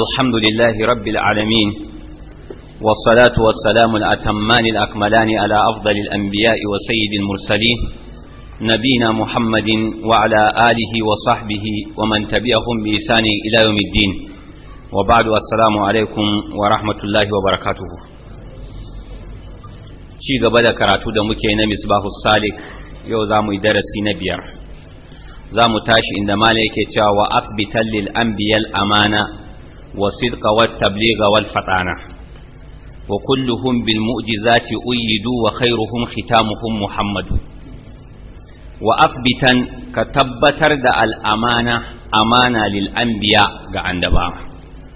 الحمد لله رب العالمين والصلاة والسلام الأتمان الأكملان على أفضل الأنبياء وسيد المرسلين نبينا محمد وعلى آله وصحبه ومن تبعهم بإحسان إلى يوم الدين وبعد السلام عليكم ورحمة الله وبركاته ci gaba da karatu da muke na misbahu salik yau za mu yi darasi na biyar za mu tashi inda mala yake cewa wa athbitan lil anbiyal amana والصدق والتبليغ والفطانة وكلهم بالمؤجزات أيدوا وخيرهم ختامهم محمد وأثبتا كتبتر دا الأمانة أمانة للأنبياء عندما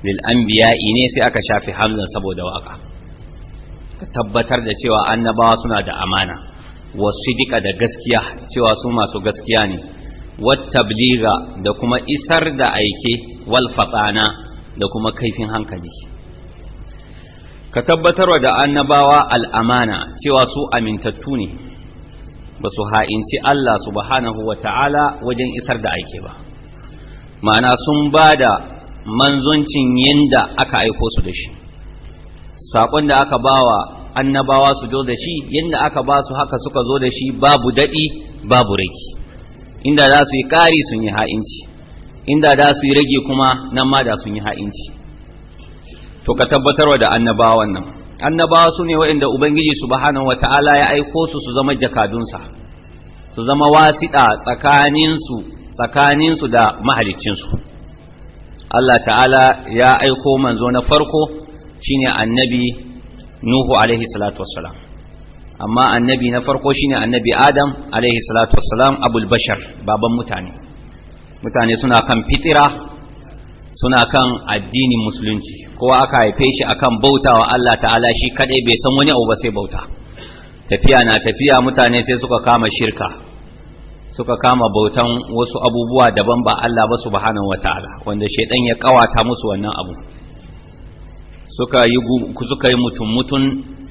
للأنبياء إنيسي أكشا في حمزة سبو دواقع كتبتر دا شوى أنبا سنا دا أمانة والصدق دا قسكية شوى سوما سو قسكياني والتبليغ دا كما إسر دا أيكي والفطانة da kuma kaifin hankali ka tabbatarwa da annabawa al'amana cewa su amintattu ne ba su ha'inci Allah subhanahu wa ta'ala wajen isar da aike ba ma'ana sun ba da manzoncin yadda aka aiko su da shi saƙon da aka ba wa annabawa su zo da shi yadda aka ba su haka suka zo da shi babu daɗi babu raki inda za su yi ƙari sun yi ha'inci inda da su yi rage kuma nan ma da sun yi ha'inci to ka tabbatar tabbatarwa da annabawa nan annabawa su ne waɗanda ubangiji subhanahu wata'ala ya aiko su su zama jakadunsa su zama wasiɗa tsakaninsu tsakaninsu da mahaliccinsu Allah ta'ala ya aiko manzo na farko shine annabi Nuhu alaihi salatu wassalam amma annabi na farko shine annabi Adam alaihi salatu wassalam abul bashar baban mutane mutane suna kan fitira suna kan addinin musulunci kowa aka haife shi akan bautawa Allah ta'ala shi kadai bai san wani abu ba sai bauta tafiya na tafiya mutane sai suka kama shirka suka kama bautan wasu abubuwa daban ba Allah ba subhanahu wataala wanda shaidan ya kawata musu wannan abu suka yi suka yi mutum mutun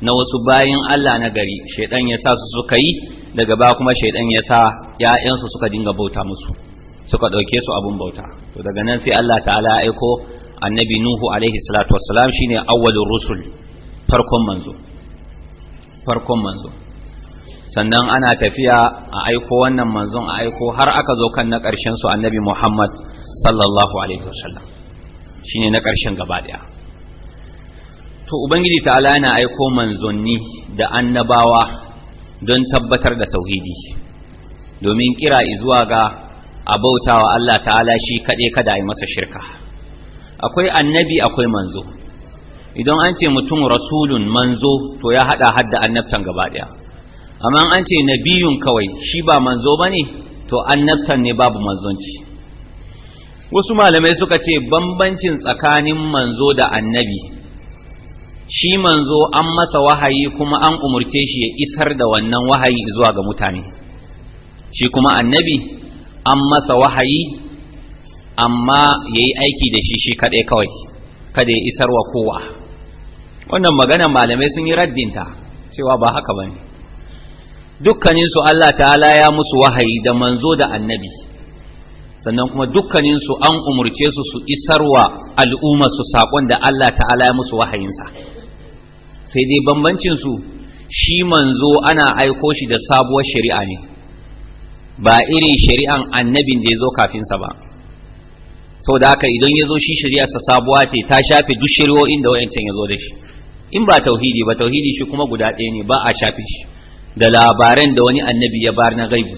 na wasu bayin Allah na gari shaidan ya sa su suka yi daga ba kuma shaidan ya sa ya'yansu suka dinga bauta musu suka ɗauke su abun bauta to daga nan sai Allah ta'ala ya aiko annabi nuhu alaihi salatu wassalam shine awwalur rusul farkon manzo farkon manzo sannan ana tafiya a aiko wannan manzon a aiko har aka zo kan na ƙarshen su annabi Muhammad sallallahu alaihi wasallam shine na ƙarshen gaba daya to ubangiji ta'ala yana aiko manzonni da annabawa don tabbatar da tauhidi domin kira zuwa ga a bautawa Allah ta'ala shi kaɗai kada a masa shirka akwai annabi akwai manzo idan an ce mutum rasulun manzo to ya haɗa hadda annabtan gaba ɗaya amma an ce nabiyun kawai shi ba manzo ba ne to annabtan ne babu manzonci wasu malamai suka ce bambancin tsakanin manzo da annabi shi manzo an masa wahayi kuma an umurce shi ya isar da wannan wahayi zuwa ga mutane shi kuma annabi an masa wahayi amma ya yi aiki da shi shi kaɗai kawai kada ya isar wa kowa wannan magana malamai sun yi raddinta cewa ba haka ba ne dukkaninsu Allah ta'ala ya musu wahayi da manzo da annabi sannan kuma dukkaninsu an umurce su su isarwa al'umma su saƙon da Allah ta'ala ya musu wahayinsa sai dai bambancinsu shi manzo ana aiko shi da sabuwar shari'a ne ba irin shari'an annabin da ya zo kafinsa ba sau da haka idan ya zo shi shari'arsa sabuwa ce ta shafe duk shari'o'in da wayancan ya zo da shi in ba tauhidi ba tauhidi shi kuma guda ɗaya ne ba a shafe shi da labaran da wani annabi ya bar na gaibu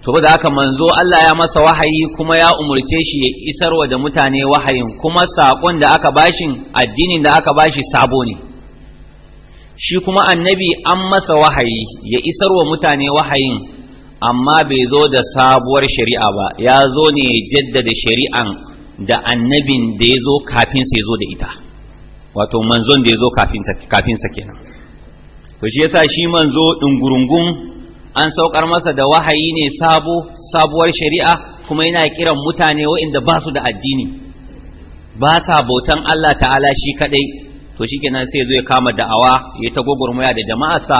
to da haka manzo Allah ya masa wahayi kuma ya umurce shi ya isarwa da mutane wahayin kuma saƙon da aka bashin addinin da aka bashi sabo ne shi kuma annabi an masa wahayi ya isar wa mutane wahayin amma bai zo da sabuwar shari'a ba ya zo ne ya jaddada shari'an da annabin da ya zo kafin sai zo da ita wato manzon da ya zo kafin sa kenan to shi yasa shi manzo dungurungun an saukar masa da wahayi ne sabo sabuwar shari'a kuma yana kiran mutane waɗanda ba su da addini ba sa bautan Allah ta'ala shi kadai to shi kenan sai ya zo ya kama da'awa ya ta gwagwarmaya da jama'arsa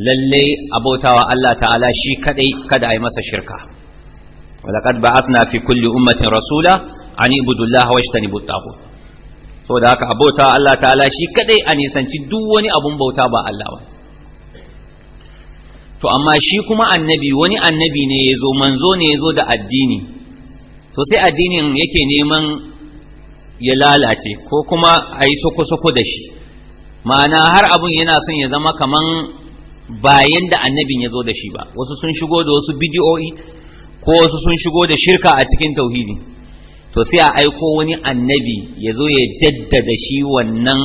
lalle abotawa Allah ta'ala shi kadai kada a yi masa shirka walaqad ba'athna fi kulli ummatin rasula an ibudu Allah wajtanibu at-taghut da haka abota Allah ta'ala shi kadai a nisanci duk wani abun bauta ba Allah ba to amma shi kuma annabi wani annabi ne ya zo manzo ne ya zo da addini to sai addinin yake neman ya lalace ko kuma a yi soko-soko da shi ma'ana har abun yana son ya zama kaman bayan da annabin ya zo da shi ba wasu sun shigo da wasu bidiyo'i ko wasu sun shigo da shirka a cikin tauhidi to sai a aiko wani annabi ya zo ya jaddada shi wannan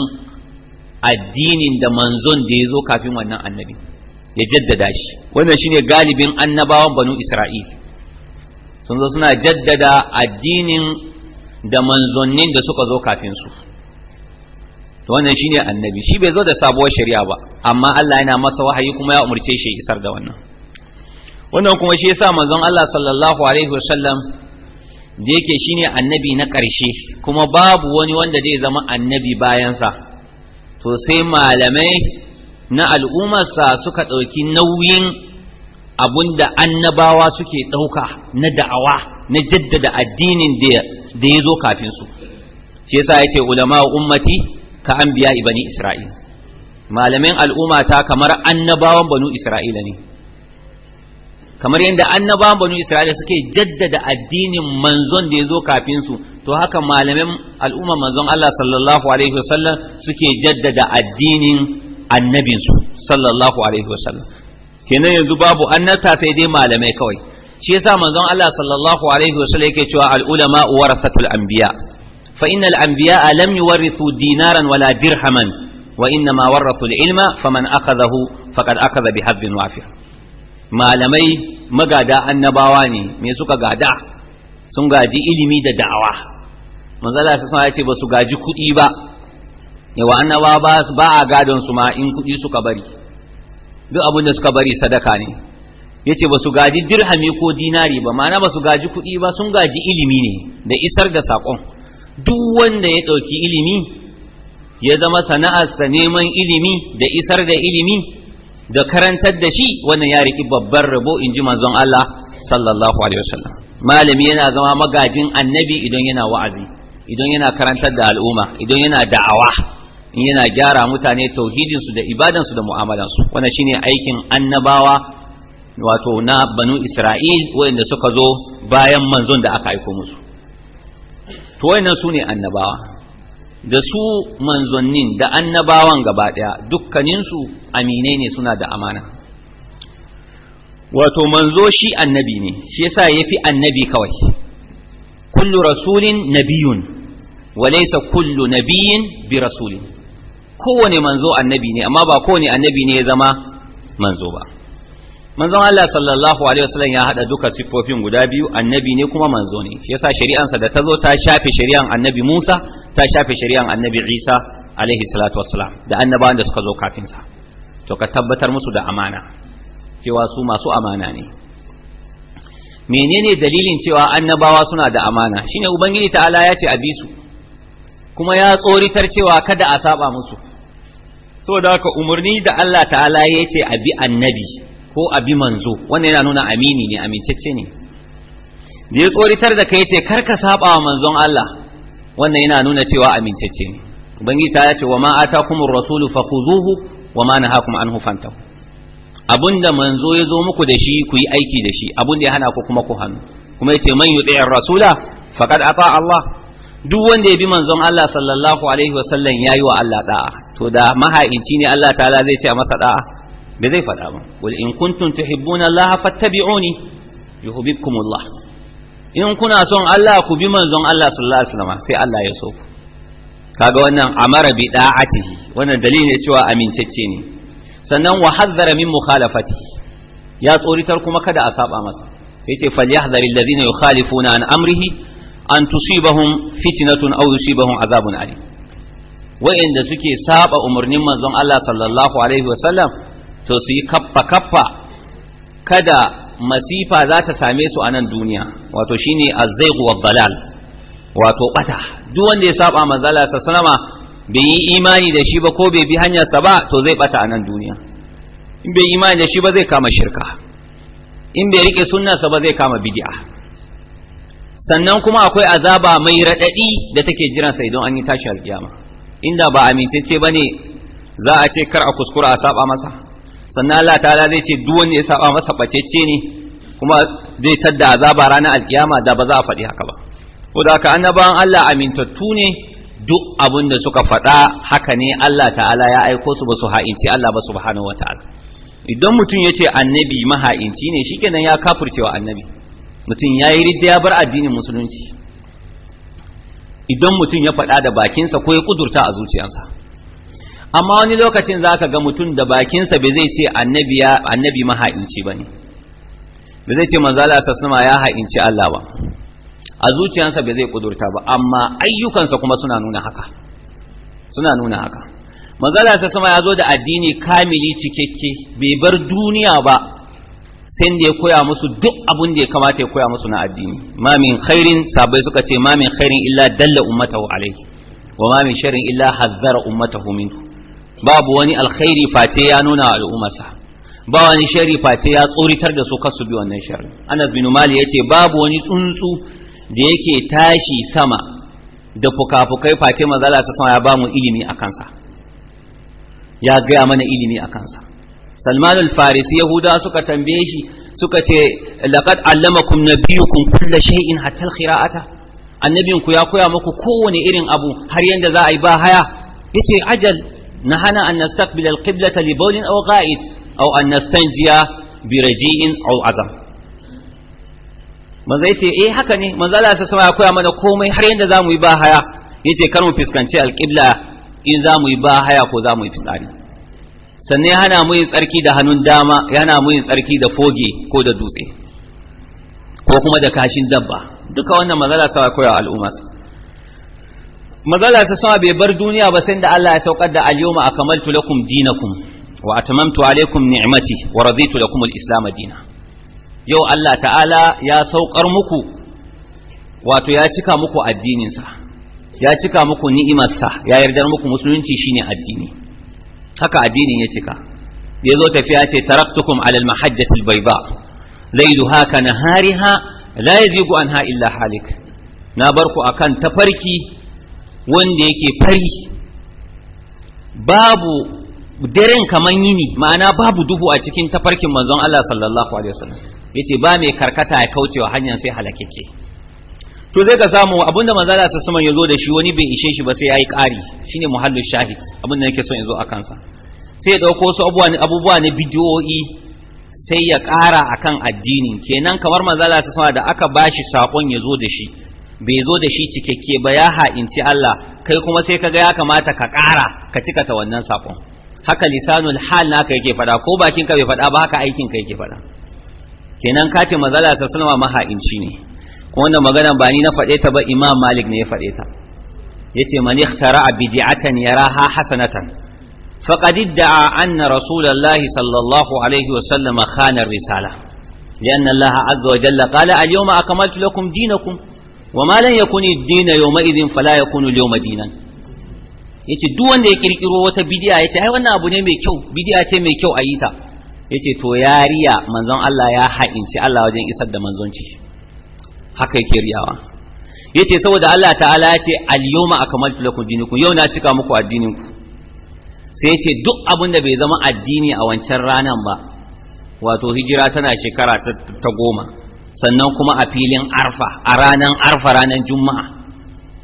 addinin da manzon da ya zo kafin wannan annabi ya jaddada shi wannan shine galibin annabawan banu isra'il sun zo suna jaddada addinin da manzonnin da suka zo kafin su to wannan shine annabi shi bai zo da sabuwar shari'a ba amma Allah yana masa wahayi kuma ya umurce shi isar da wannan wannan kuma shi yasa manzon Allah sallallahu alaihi wasallam da yake shine annabi na ƙarshe kuma babu wani wanda zai zama annabi bayansa to sai malamai na al'ummarsa suka ɗauki nauyin abun da annabawa suke ɗauka na da'awa na jaddada addinin da da ya zo kafin su shi yasa yace ulama ummati ka anbiya bani isra'il malamin al'umma ta kamar annabawan banu isra'ila ne kamar yadda annabawan banu isra'ila suke jaddada addinin manzon da ya zo kafin su to haka malamin al'umma manzon Allah sallallahu alaihi wasallam suke jaddada addinin annabinsu sallallahu alaihi wasallam kenan yanzu babu annata sai dai malamai kawai shi yasa manzon Allah sallallahu alaihi wasallam yake cewa al ulama warasatul anbiya fa innal anbiya lam yuwarithu dinaran wala dirhaman wa innama warathu ilma faman akhadahu faqad akhadha bi wafir malamai magada annabawa ne me suka gada sun gadi ilimi da da'awa manzala sai ya ce ba su gaji kuɗi ba yawa annabawa ba a gadon su ma in kuɗi suka bari duk abin da suka bari sadaka ne yace ba su gaji dirhami ko dinari ba ma'ana ba su gaji kuɗi ba sun gaji ilimi ne da isar da saƙon duk wanda ya ɗauki ilimi ya zama sana'arsa neman ilimi da isar da ilimi da karantar da shi wannan ya riki babban rabo in ji manzon Allah sallallahu alaihi wasallam malami yana zama magajin annabi idan yana wa'azi idan yana karantar da al'umma idan yana da'awa in yana gyara mutane tauhidinsu da ibadansu da mu'amalansu wannan shine aikin annabawa wato na banu isra'il waɗanda suka zo bayan manzon da aka aiko musu to wayannan su annabawa da su manzonnin da annabawan gaba daya dukkaninsu aminai ne suna da amana wato manzo shi annabi ne shi yasa fi annabi kawai kullu rasulin nabiyun wa laysa kullu nabiyyin bi rasulin kowane manzo annabi ne amma ba kowane annabi ne ya zama manzo ba manzon Allah sallallahu alaihi wasallam ya hada duka siffofin guda biyu annabi ne kuma manzo ne shi yasa shari'ansa da tazo ta shafe shari'an annabi Musa ta shafe shari'an annabi Isa alaihi salatu wassalam da annabawan da suka zo kafin sa to ka tabbatar musu da amana cewa su masu amana ne menene dalilin cewa annabawa suna da amana shine ubangiji ta'ala ya ce a bi su kuma ya tsoritar cewa kada a saba musu saboda haka umarni da Allah ta'ala ya ce a bi annabi ko a bi manzo wannan yana nuna amini ne amincece ne da ya tsoritar da kai ce kar ka saba wa manzon Allah wannan yana nuna cewa amincece ne ubangiji ta yace wa ma atakumur rasulu fakhuzuhu wa ma nahakum anhu fantahu abunda manzo ya zo muku da shi ku yi aiki da shi abunda ya hana ku kuma ku hannu kuma ya ce man yuti'ir rasula faqad ata Allah duk wanda ya bi manzon Allah sallallahu alaihi wasallam yayi wa Allah da'a to da mahaici ne Allah ta'ala zai ce a masa da'a bai zai faɗa ba wal in kuntum tuhibbuna Allah fattabi'uni yuhibbukum Allah in kuna son Allah ku bi manzon Allah sallallahu alaihi wasallam sai Allah ya so ku kaga wannan amara bi da'atihi wannan dalili ne cewa amincacce ne sannan wa hadhara min mukhalafatihi ya tsoritar kuma kada a saba masa yace falyahdhar alladhina yukhalifuna an amrihi an tusibahum fitnatun aw yusibahum azabun alim wa'inda suke saba umarnin manzon Allah sallallahu alaihi wasallam to su yi kaffa kaffa kada masifa za ta same su a nan duniya wato shi ne zai azzaiqu balal, wato bata duk wanda ya saba manzala sanama bai yi imani da shi ba ko bai bi hanyarsa ba to zai bata a nan duniya in bai imani da shi ba zai kama shirka in bai rike sunnarsa ba zai kama bidiya. sannan kuma akwai azaba mai raɗaɗi da take jiran sai idan an yi tashi alƙiyama inda ba amincece ne za a ce kar a kuskura a saba masa sannan Allah ta'ala zai ce duk wanda ya saba masa bacece ne kuma zai tadda azaba ranar alkiyama da ba za a faɗi haka ba ko da haka annabawan Allah amintattu ne duk abin da suka faɗa haka ne Allah ta'ala ya aiko su ba su ha'inci Allah ba subhanahu wata'ala idan mutum ya ce annabi maha'inci ne shikenan ya kafurcewa annabi mutum ya yi ridda ya bar addinin musulunci idan mutum ya faɗa da bakinsa ko ya kudurta a zuciyarsa amma wani lokacin za ka ga mutum da bakinsa bai zai ce annabi maha'inci ba ne bai zai ce manzala sassama ya ha'inci Allah ba a zuciyansa bai zai kudurta ba amma ayyukansa kuma suna nuna haka suna nuna haka manzala sassama ya zo da addini kamili cikakke bai bar duniya ba sai da ya koya musu duk abin da ya kamata ya koya musu na addini ma min khairin sabai suka ce ma min khairin illa dalla ummatahu alaihi wa ma min sharrin illa hazzara ummatahu minhu babu wani alkhairi face ya nuna wa al'ummarsa ba wani shari face ya tsoritar da su kasu bi wannan shari anas bin mali yace babu wani tsuntsu da yake tashi sama da fukafukai face mazala sa sama ya ba mu ilimi a kansa ya gaya mana ilimi a kansa salman al-farisi yahuda suka tambaye shi suka ce laqad allamakum nabiyukum kulla shay'in hatta al-qira'ata annabinku ya koya muku kowane irin abu har yanda za a yi ba haya yace ajal Na hana نستقبل القبلة لبول أو غائط أو أن نستنجي برجيء أو عظم manzo yace eh haka ne manzo Allah sai sama ya koya mana komai har yanda zamu yi bahaya yace kar mu fuskanci alqibla in zamu yi bahaya ko zamu yi fitsari sannan ya hana mu yin tsarki da hannun dama ya hana mu yin tsarki da foge ko da dutse ko kuma da kashin dabba duka wannan manzo Allah ya koya al'umma mazala sa sama bai bar duniya ba sai da Allah ya saukar da al-yawma akmaltu lakum dinakum wa atamamtu alaykum ni'mati wa raditu lakum al-islam dina yau Allah ta'ala ya saukar muku wato ya cika muku addinin sa ya cika muku ni'imar sa ya yarda muku musulunci shine addini haka addinin ya cika yazo tafiya ce taraktukum ala al-mahajjati al-bayda laylaha ka nahariha la yazigu anha illa halik na barku akan tafarki wanda yake fari babu daren kaman yini ma'ana babu duhu a cikin tafarkin manzon Allah sallallahu alaihi wasallam yace ba mai karkata ya kaucewa hanyar sai halakeke to zai ka samu abinda manzon Allah sallallahu alaihi wasallam yazo da shi wani bai ishe shi ba sai yayi ƙari shine muhallu shahid abunda nake son ya zo akan sa sai ya dauko su abubuwa na bidiyoyi sai ya ƙara akan addinin kenan kamar manzon Allah sallallahu alaihi wasallam da aka bashi sakon yazo da shi bai zo da shi cikakke ba ya ha'inci Allah kai kuma sai kaga ya kamata ka ƙara ka cika ta wannan sakon haka lisanul hal naka yake faɗa, ko bakin ka bai fada ba haka aikin ka yake faɗa. kenan ka ce manzala sa sallama maha'inci ne kuma wannan magana ba ni na faɗe ta ba imam malik ne ya faɗe ta yace man ikhtara'a bid'atan yaraha hasanatan فقد ادعى أن رسول الله صلى الله عليه وسلم خان لأن الله عز وجل قال اليوم أكملت لكم دينكم wa ma lan yakuni ad-din yawma idhin fala yakunu yawma dinan yace duk wanda ya kirkiro wata bid'a yace ai wannan abu ne mai kyau bid'a ce mai kyau a yi ta yace to yariya manzon Allah ya ha'inci Allah wajen isar da manzonci haka yake riyawa yace saboda Allah ta'ala yace al-yawma akmaltu lakum dinakum yau na cika muku addinin ku sai yace duk abin da bai zama addini a wancan ranan ba wato hijira tana shekara ta goma sannan kuma a filin arfa a ranan arfa ranar juma'a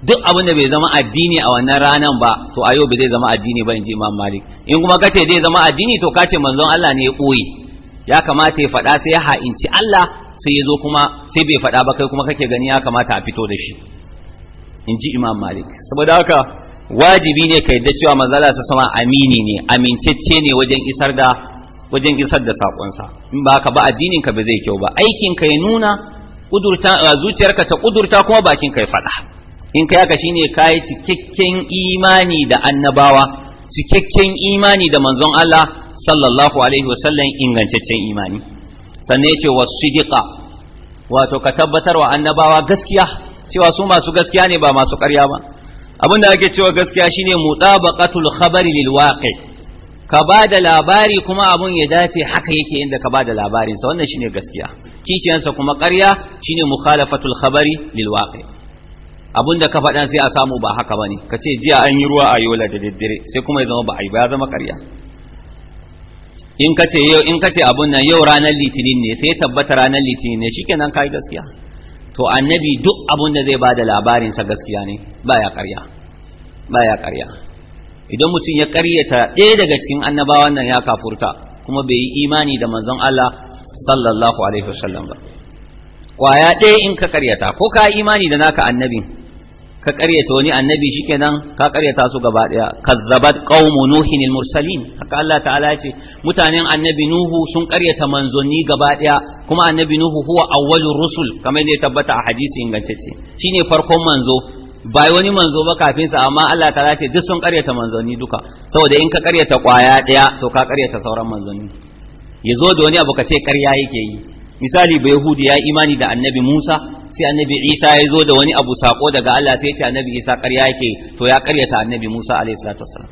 duk abin da bai zama addini a wannan ranar ba to a yau bai zai zama addini ba in ji imam malik in kuma kace zai zama addini to kace manzon Allah ne ya koyi ya kamata ya faɗa sai ya ha'inci Allah sai ya zo kuma sai bai faɗa ba kai kuma kake gani ya kamata a fito da shi in ji imam malik saboda haka wajibi ne ka yadda cewa manzon Allah sa sama amini ne amincecce ne wajen isar da wajen isar da saƙonsa in ba ka ba addinin ka ba zai kyau ba aikin ka ya nuna kudurta zuciyarka ta kudurta kuma bakin ka ya faɗa in kai haka shine kai cikakken imani da annabawa cikakken imani da manzon Allah sallallahu alaihi wasallam ingantaccen imani sannan yace wasidiqa wato ka tabbatar wa annabawa gaskiya cewa su masu gaskiya ne ba masu ƙarya ba abinda ake cewa gaskiya shine mutabaqatul khabari lil waqi' ka ba da labari kuma abun ya dace haka yake inda ka ba da labarinsa wannan shine gaskiya kishiyansa kuma ƙarya shine mukhalafatul khabari lil waqi abun da ka faɗa sai a samu ba haka bane ka ce jiya an yi ruwa a yola da daddare sai kuma ya zama ba a yi ba zama ƙarya in ka ce in ka ce abun nan yau ranar litinin ne sai tabbata ranar litinin ne shikenan yi gaskiya to annabi duk abun da zai ba da labarinsa gaskiya ne ba baya ƙarya ya ƙarya idan mutum ya karyata ɗaya daga cikin annabawan nan ya kafurta kuma bai yi imani da manzon Allah sallallahu alaihi wasallam ba kwaya ɗaya in ka karyata, ko ka imani da naka annabi? ka karyata wani annabi shikenan ka karyata su gaba ɗaya kazzabat qaumu nuhin mursalin haka Allah ta'ala ce mutanen annabi nuhu sun karyata manzonni gaba ɗaya kuma annabi nuhu huwa awwalur rusul kamar ne tabbata a hadisi ingantacce shine farkon manzo bai wani manzo ba kafin sa amma Allah ta ce duk sun karyata manzoni duka saboda in ka karyata kwaya daya to ka karyata sauran manzoni yazo da wani abu ka ce karya yake yi misali bai yahudi ya imani da annabi Musa sai annabi Isa ya zo da wani abu sako daga Allah sai ya ce annabi Isa karya yake to ya karyata annabi Musa alaihi salatu wassalam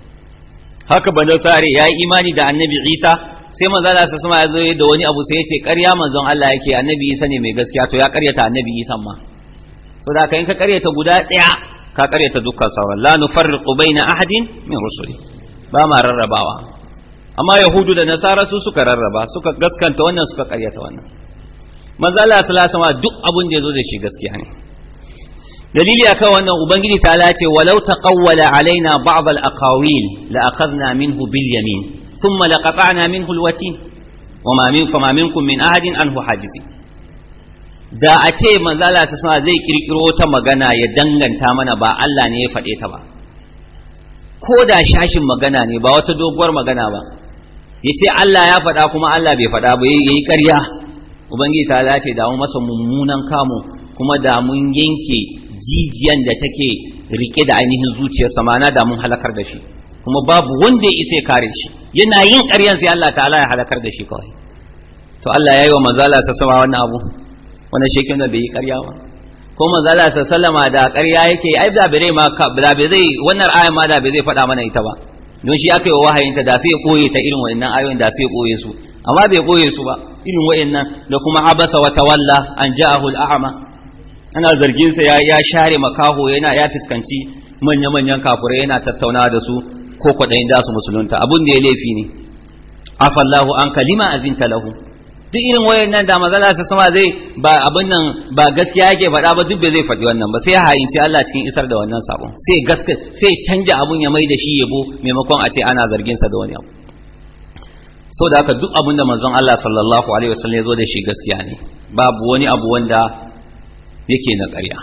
haka banda sare ya imani da annabi Isa sai manzo Allah sai ya zo da wani abu sai ya ce ƙarya manzon Allah yake annabi Isa ne mai gaskiya to ya ƙaryata annabi Isa ma so da in ka karyata guda ɗaya ka karyata dukkan sauran la nufarriqu baina ahadin min rusuli ba ma rarrabawa amma yahudu da nasara su suka rarraba suka gaskanta wannan suka karyata wannan manzo Allah sallallahu alaihi duk abin da yazo da shi gaskiya ne dalili akan wannan ubangiji ta ce walau taqawwala alaina ba'd al-aqawil la akhadna minhu bil yamin thumma laqata'na minhu al-watin وما من فما منكم من أحد عنه حاجزين da a ce manzala ta sama zai kirkiro ta magana ya danganta mana ba Allah ne ya faɗe ta ba ko da shashin magana ne ba wata doguwar magana ba ya ce Allah ya faɗa kuma Allah bai faɗa ba ya yi ƙarya ubangiji ta lace da masa mummunan kamu kuma da mun yanke jijiyan da take rike da ainihin zuciyarsa ma'ana da mun halakar da shi kuma babu wanda ya isa ya kare shi yana yin ƙaryan sai Allah ta'ala ya halakar da shi kawai to Allah ya yi wa manzala sa sama wannan abu wannan shi kenan bai yi ƙarya ba ko manzala sa sallama da ƙarya yake ai da bare ma da bai zai wannan ayan ma da bai zai faɗa mana ita ba don shi aka yi wahayinta da sai ya koye ta irin wa'annan ayoyin da sai ya koye su amma bai koye su ba irin wa'annan da kuma Abasa wa tawalla an ja'ahu al'ama ana zargin sa ya share makaho yana ya fiskanci manya-manyan kafurai yana tattauna da su ko kwaɗayin da su musulunta abun da ya laifi ne afallahu an kalima azinta lahu duk irin wayan nan da mazala su sama zai ba abin nan ba gaskiya yake faɗa ba duk bai zai faɗi wannan ba sai ya hayinci Allah cikin isar da wannan sabon sai gaske sai canja abun ya mai da shi yabo maimakon a ce ana zargin sa da wani abu so da haka duk abin da manzon Allah sallallahu alaihi wasallam ya zo da shi gaskiya ne babu wani abu wanda yake na ƙarya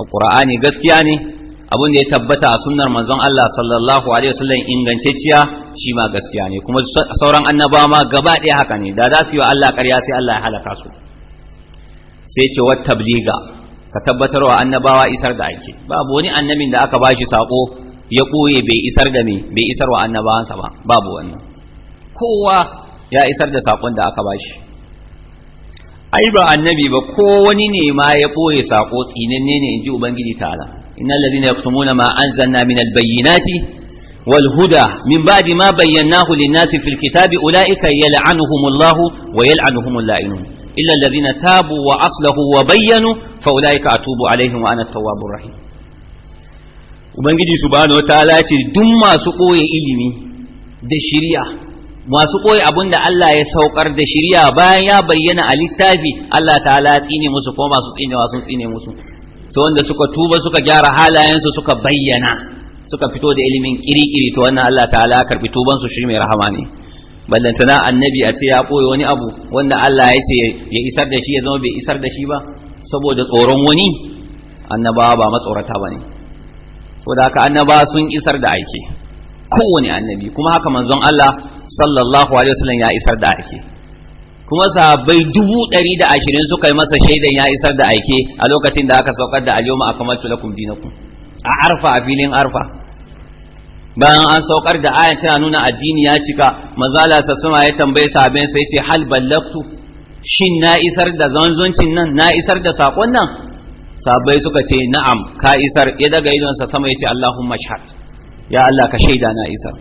alqur'ani gaskiya ne abin da ya tabbata a sunnar manzon Allah sallallahu alaihi wasallam ingantacciya shi ma gaskiya ne kuma sauran annabawa ma gaba ɗaya haka ne da za su yi wa Allah ƙarya sai Allah ya halaka su sai ce wat tabliga ka tabbatar wa annabawa isar da ake babu wani annabin da aka bashi sako ya koye bai isar da me bai isar wa annabawansa ba babu wannan kowa ya isar da sakon da aka bashi ai ba annabi ba ko wani ne ma ya koye sako tsinanne ne in ji ubangiji ta'ala innal ladina yaktumuna ma anzalna min albayyinati wal huda min ba'di ma bayyanahu lin-nasi fil kitabi ulaika yal'anuhumullahu wa yal'anuhumul la'inun illa alladhina tabu wa aslahu wa bayyanu fa ulaika atubu alaihim wa ana at-tawwabur rahim ubangiji subhanahu wataala ce duk masu koye ilimi da shiriya masu koye abin da Allah ya saukar da shiriya bayan ya bayyana a littafi Allah ta'ala ya tsine musu kuma masu tsinewa sun tsine musu To wanda suka tuba suka gyara halayensu suka bayyana suka fito da ilimin kirikiri to wannan Allah ta'ala karbi tuban su shi mai rahama ne ballantana annabi a ce ya boye wani abu wanda Allah ya ce ya isar da shi ya zama bai isar da shi ba saboda tsoron wani annabawa ba matsorata bane saboda haka annabawa sun isar da aiki kowane annabi kuma haka manzon Allah sallallahu alaihi wasallam ya isar da aiki kuma sahabbai dubu ɗari da ashirin suka yi masa shaidan ya isar da aike a lokacin da aka saukar da alyoma akamatu lakum dinakum a arfa a filin arfa bayan an saukar da ayan tana nuna addini ya cika mazala sassuma ya tambaye sahabin sai ce hal ballaftu shin na isar da zanzoncin nan na isar da sakon nan sahabbai suka ce na'am ka isar ya daga idonsa sama ya ce allahumma shahad ya allah ka shaida na isar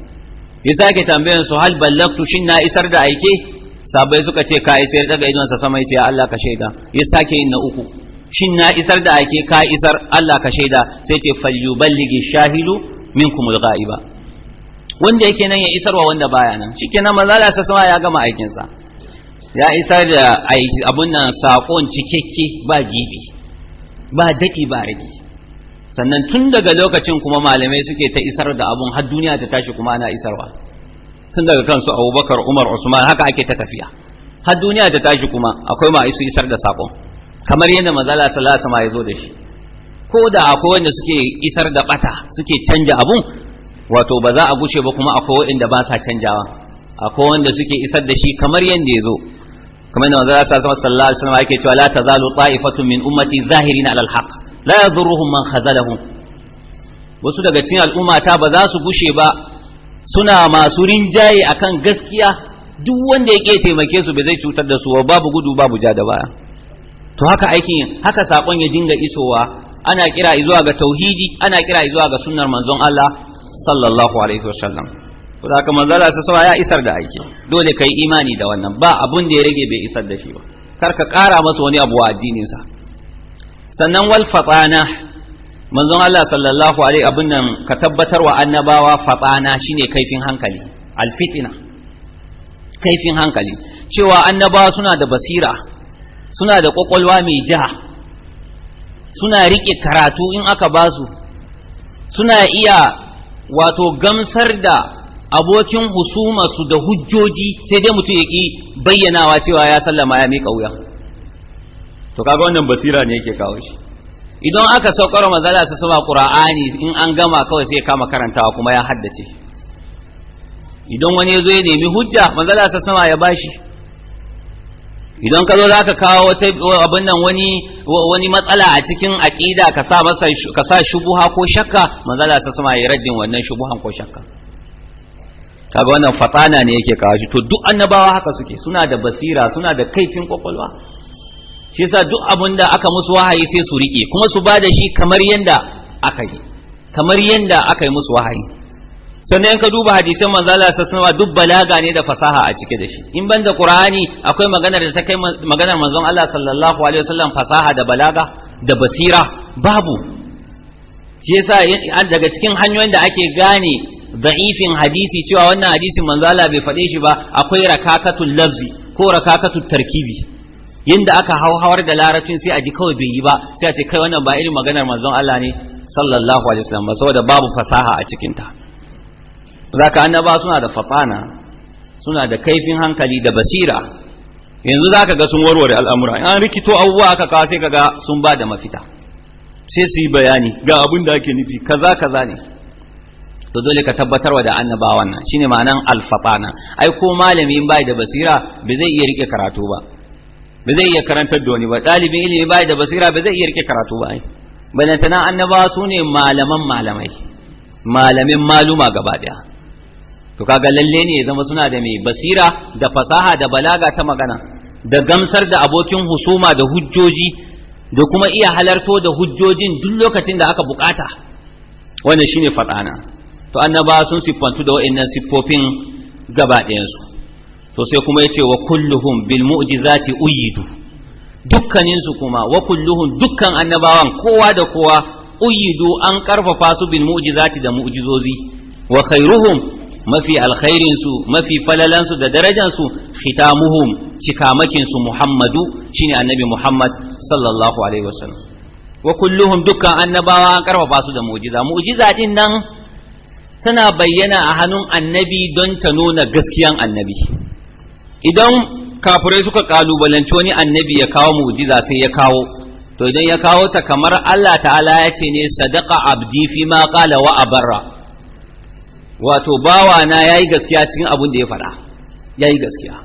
ya sake tambayan su hal ballaftu shin na isar da aike sabai suka ce ka isa ya daga idonsa sama ya ce Allah ka shaida ya sake yin na uku shin na isar da ake ka isar Allah ka shaida sai ce falyuballigi shahidu minkumul ghaiba wanda yake nan ya isarwa wanda baya nan shikenan manzo Allah sama ya gama aikinsa, ya isar da abun nan sakon cikakke ba gibi ba daɗi ba rigi sannan tun daga lokacin kuma malamai suke ta isar da abun har duniya ta tashi kuma ana isarwa tun daga kansu abubakar umar usman haka ake ta tafiya har duniya ta tashi kuma akwai ma isu isar da sakon kamar yadda manzala sallallahu alaihi wasallam ya zo da shi ko da akwai wanda suke isar da bata suke canja abun wato ba za a gushe ba kuma akwai wanda ba sa canjawa akwai wanda suke isar da shi kamar yadda ya zo kamar yadda manzala sallallahu alaihi wasallam yake cewa la tazalu ta'ifatun min ummati zahirina alal haqq la yadhurruhum man khazalahum wasu daga cikin al'umma ta ba za su gushe ba suna masu rinjaye akan gaskiya duk wanda ya ke taimake su bai zai cutar da su ba babu gudu babu ja da baya to haka aikin haka sakon ya dinga isowa ana kira zuwa ga tauhidi ana kira zuwa ga sunnar manzon Allah sallallahu alaihi wasallam ko da haka manzon Allah sawa ya isar da aiki dole kai imani da wannan ba abun da ya rage bai isar da shi ba kar ka kara masa wani abu a addininsa sannan wal fatana manzon Allah sallallahu alaihi abin nan ka tabbatar wa annabawa fatana shine kaifin hankali alfitina kaifin hankali cewa annabawa suna da basira suna da ƙwaƙwalwa mai jiha suna riƙe karatu in aka basu suna iya wato gamsar da abokin husuma su da hujjoji sai dai mutum ya ki bayyanawa cewa ya sallama ya mika wuya to kaga wannan basira ne yake kawo shi idan aka saukar manzala su sama qur'ani in an gama kawai sai kama karantawa kuma ya haddace idan wani ya zo ya nemi hujja manzala su sama ya bashi idan ka zo za ka kawo abin nan wani matsala a cikin aƙida ka sa masa shubuha ko shakka manzala su sama ya raddin wannan shubuhan ko shakka kaga wannan fatana ne yake kawo shi to duk annabawa haka suke suna da basira suna da kaifin kwakwalwa shi yasa duk abin da aka musu wahayi sai su rike kuma su ba da shi kamar yanda aka yi kamar yanda aka yi musu wahayi sannan in ka duba hadisan manzo Allah sallallahu alaihi duk balaga ne da fasaha a cike da shi in banda qur'ani akwai maganar da ta kai maganar manzon Allah sallallahu alaihi wasallam fasaha da balaga da basira babu shi yasa daga cikin hanyoyin da ake gane da'ifin hadisi cewa wannan hadisin manzo Allah bai faɗe shi ba akwai rakakatul lafzi ko rakakatul tarkibi yanda aka hawar da larabcin sai a ji kawai bai yi ba sai a ce kai wannan ba irin maganar manzon Allah ne sallallahu alaihi wasallam saboda babu fasaha a cikin ta zaka annaba suna da fafana, suna da kaifin hankali da basira yanzu zaka ga sun warware al'amura an rikito abubuwa aka kawo sai kaga sun ba da mafita sai su yi bayani ga abin da ake nufi kaza kaza ne to dole ka tabbatarwa da annaba wannan shine ma'anan alfafana ai ko malami in bai da basira bai zai iya rike karatu ba ba zai iya karantar da wani ba ɗalibin ilimi ba da basira ba zai iya rike karatu ba ai balantana annaba su ne malaman malamai malamin maluma gaba ɗaya to kaga lalle ne ya zama suna da mai basira da fasaha da balaga ta magana da gamsar da abokin husuma da hujjoji da kuma iya halarto da hujjojin duk lokacin da aka bukata wannan shine fadana to annaba sun siffantu da wa'annan siffofin gaba ɗayansu to sai kuma yace wa kulluhum bil mu'jizati uyidu dukkaninsu kuma wa kulluhum dukkan annabawan kowa da kowa uyidu an karfafa su bil mu'jizati da mu'jizozi wa khairuhum mafi alkhairin su mafi falalan su da darajan su khitamuhum cikamakin su muhammadu shine annabi muhammad sallallahu alaihi wasallam wa kulluhum dukkan annabawa an karfafa su da mu'jiza mu'jiza din nan tana bayyana a hannun annabi don ta nuna gaskiyan annabi idan kafirai suka kalubalanci wani annabi ya kawo mu'jiza sai ya kawo to idan ya kawo ta kamar Allah ta'ala ya ce ne sadaqa abdi fi ma qala wa abarra wato bawa na yayi gaskiya cikin abin da ya faɗa yayi gaskiya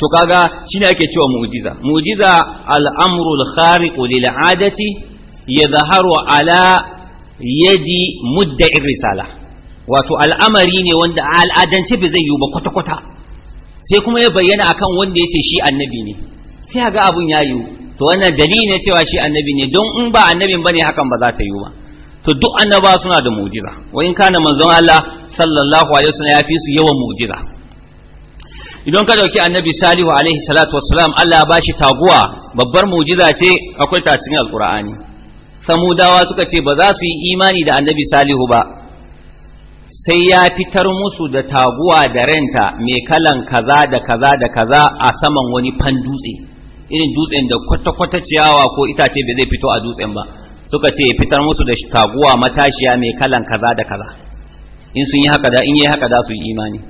to kaga shine ake cewa mu'jiza mu'jiza al-amru al-khariqu lil 'adati yadhharu ala yadi mudda'i risala wato al'amari ne wanda al'adanci bai zai yi ba kwata-kwata sai kuma ya bayyana akan wanda ya ce shi annabi ne sai ga abun ya yiwu to wannan dalili ne cewa shi annabi ne don in ba annabin bane hakan ba za ta yiwu ba to duk annaba suna da mu'jiza wa in kana manzon Allah sallallahu alaihi wasallam ya fi su yawan mu'jiza idan ka dauki annabi salihu alaihi salatu wassalam Allah ya bashi taguwa babbar mu'jiza ce akwai ta cikin alqur'ani samudawa suka ce ba za su yi imani da annabi salihu ba sai ya fitar musu da taguwa da renta mai kalan kaza da kaza da kaza a saman wani fan dutse irin dutsen da kwata-kwata ciyawa ko itace bai zai fito a dutsen ba suka ce fitar musu da taguwa matashiya mai kalan kaza da kaza in sun yi haka da in yi haka da su yi imani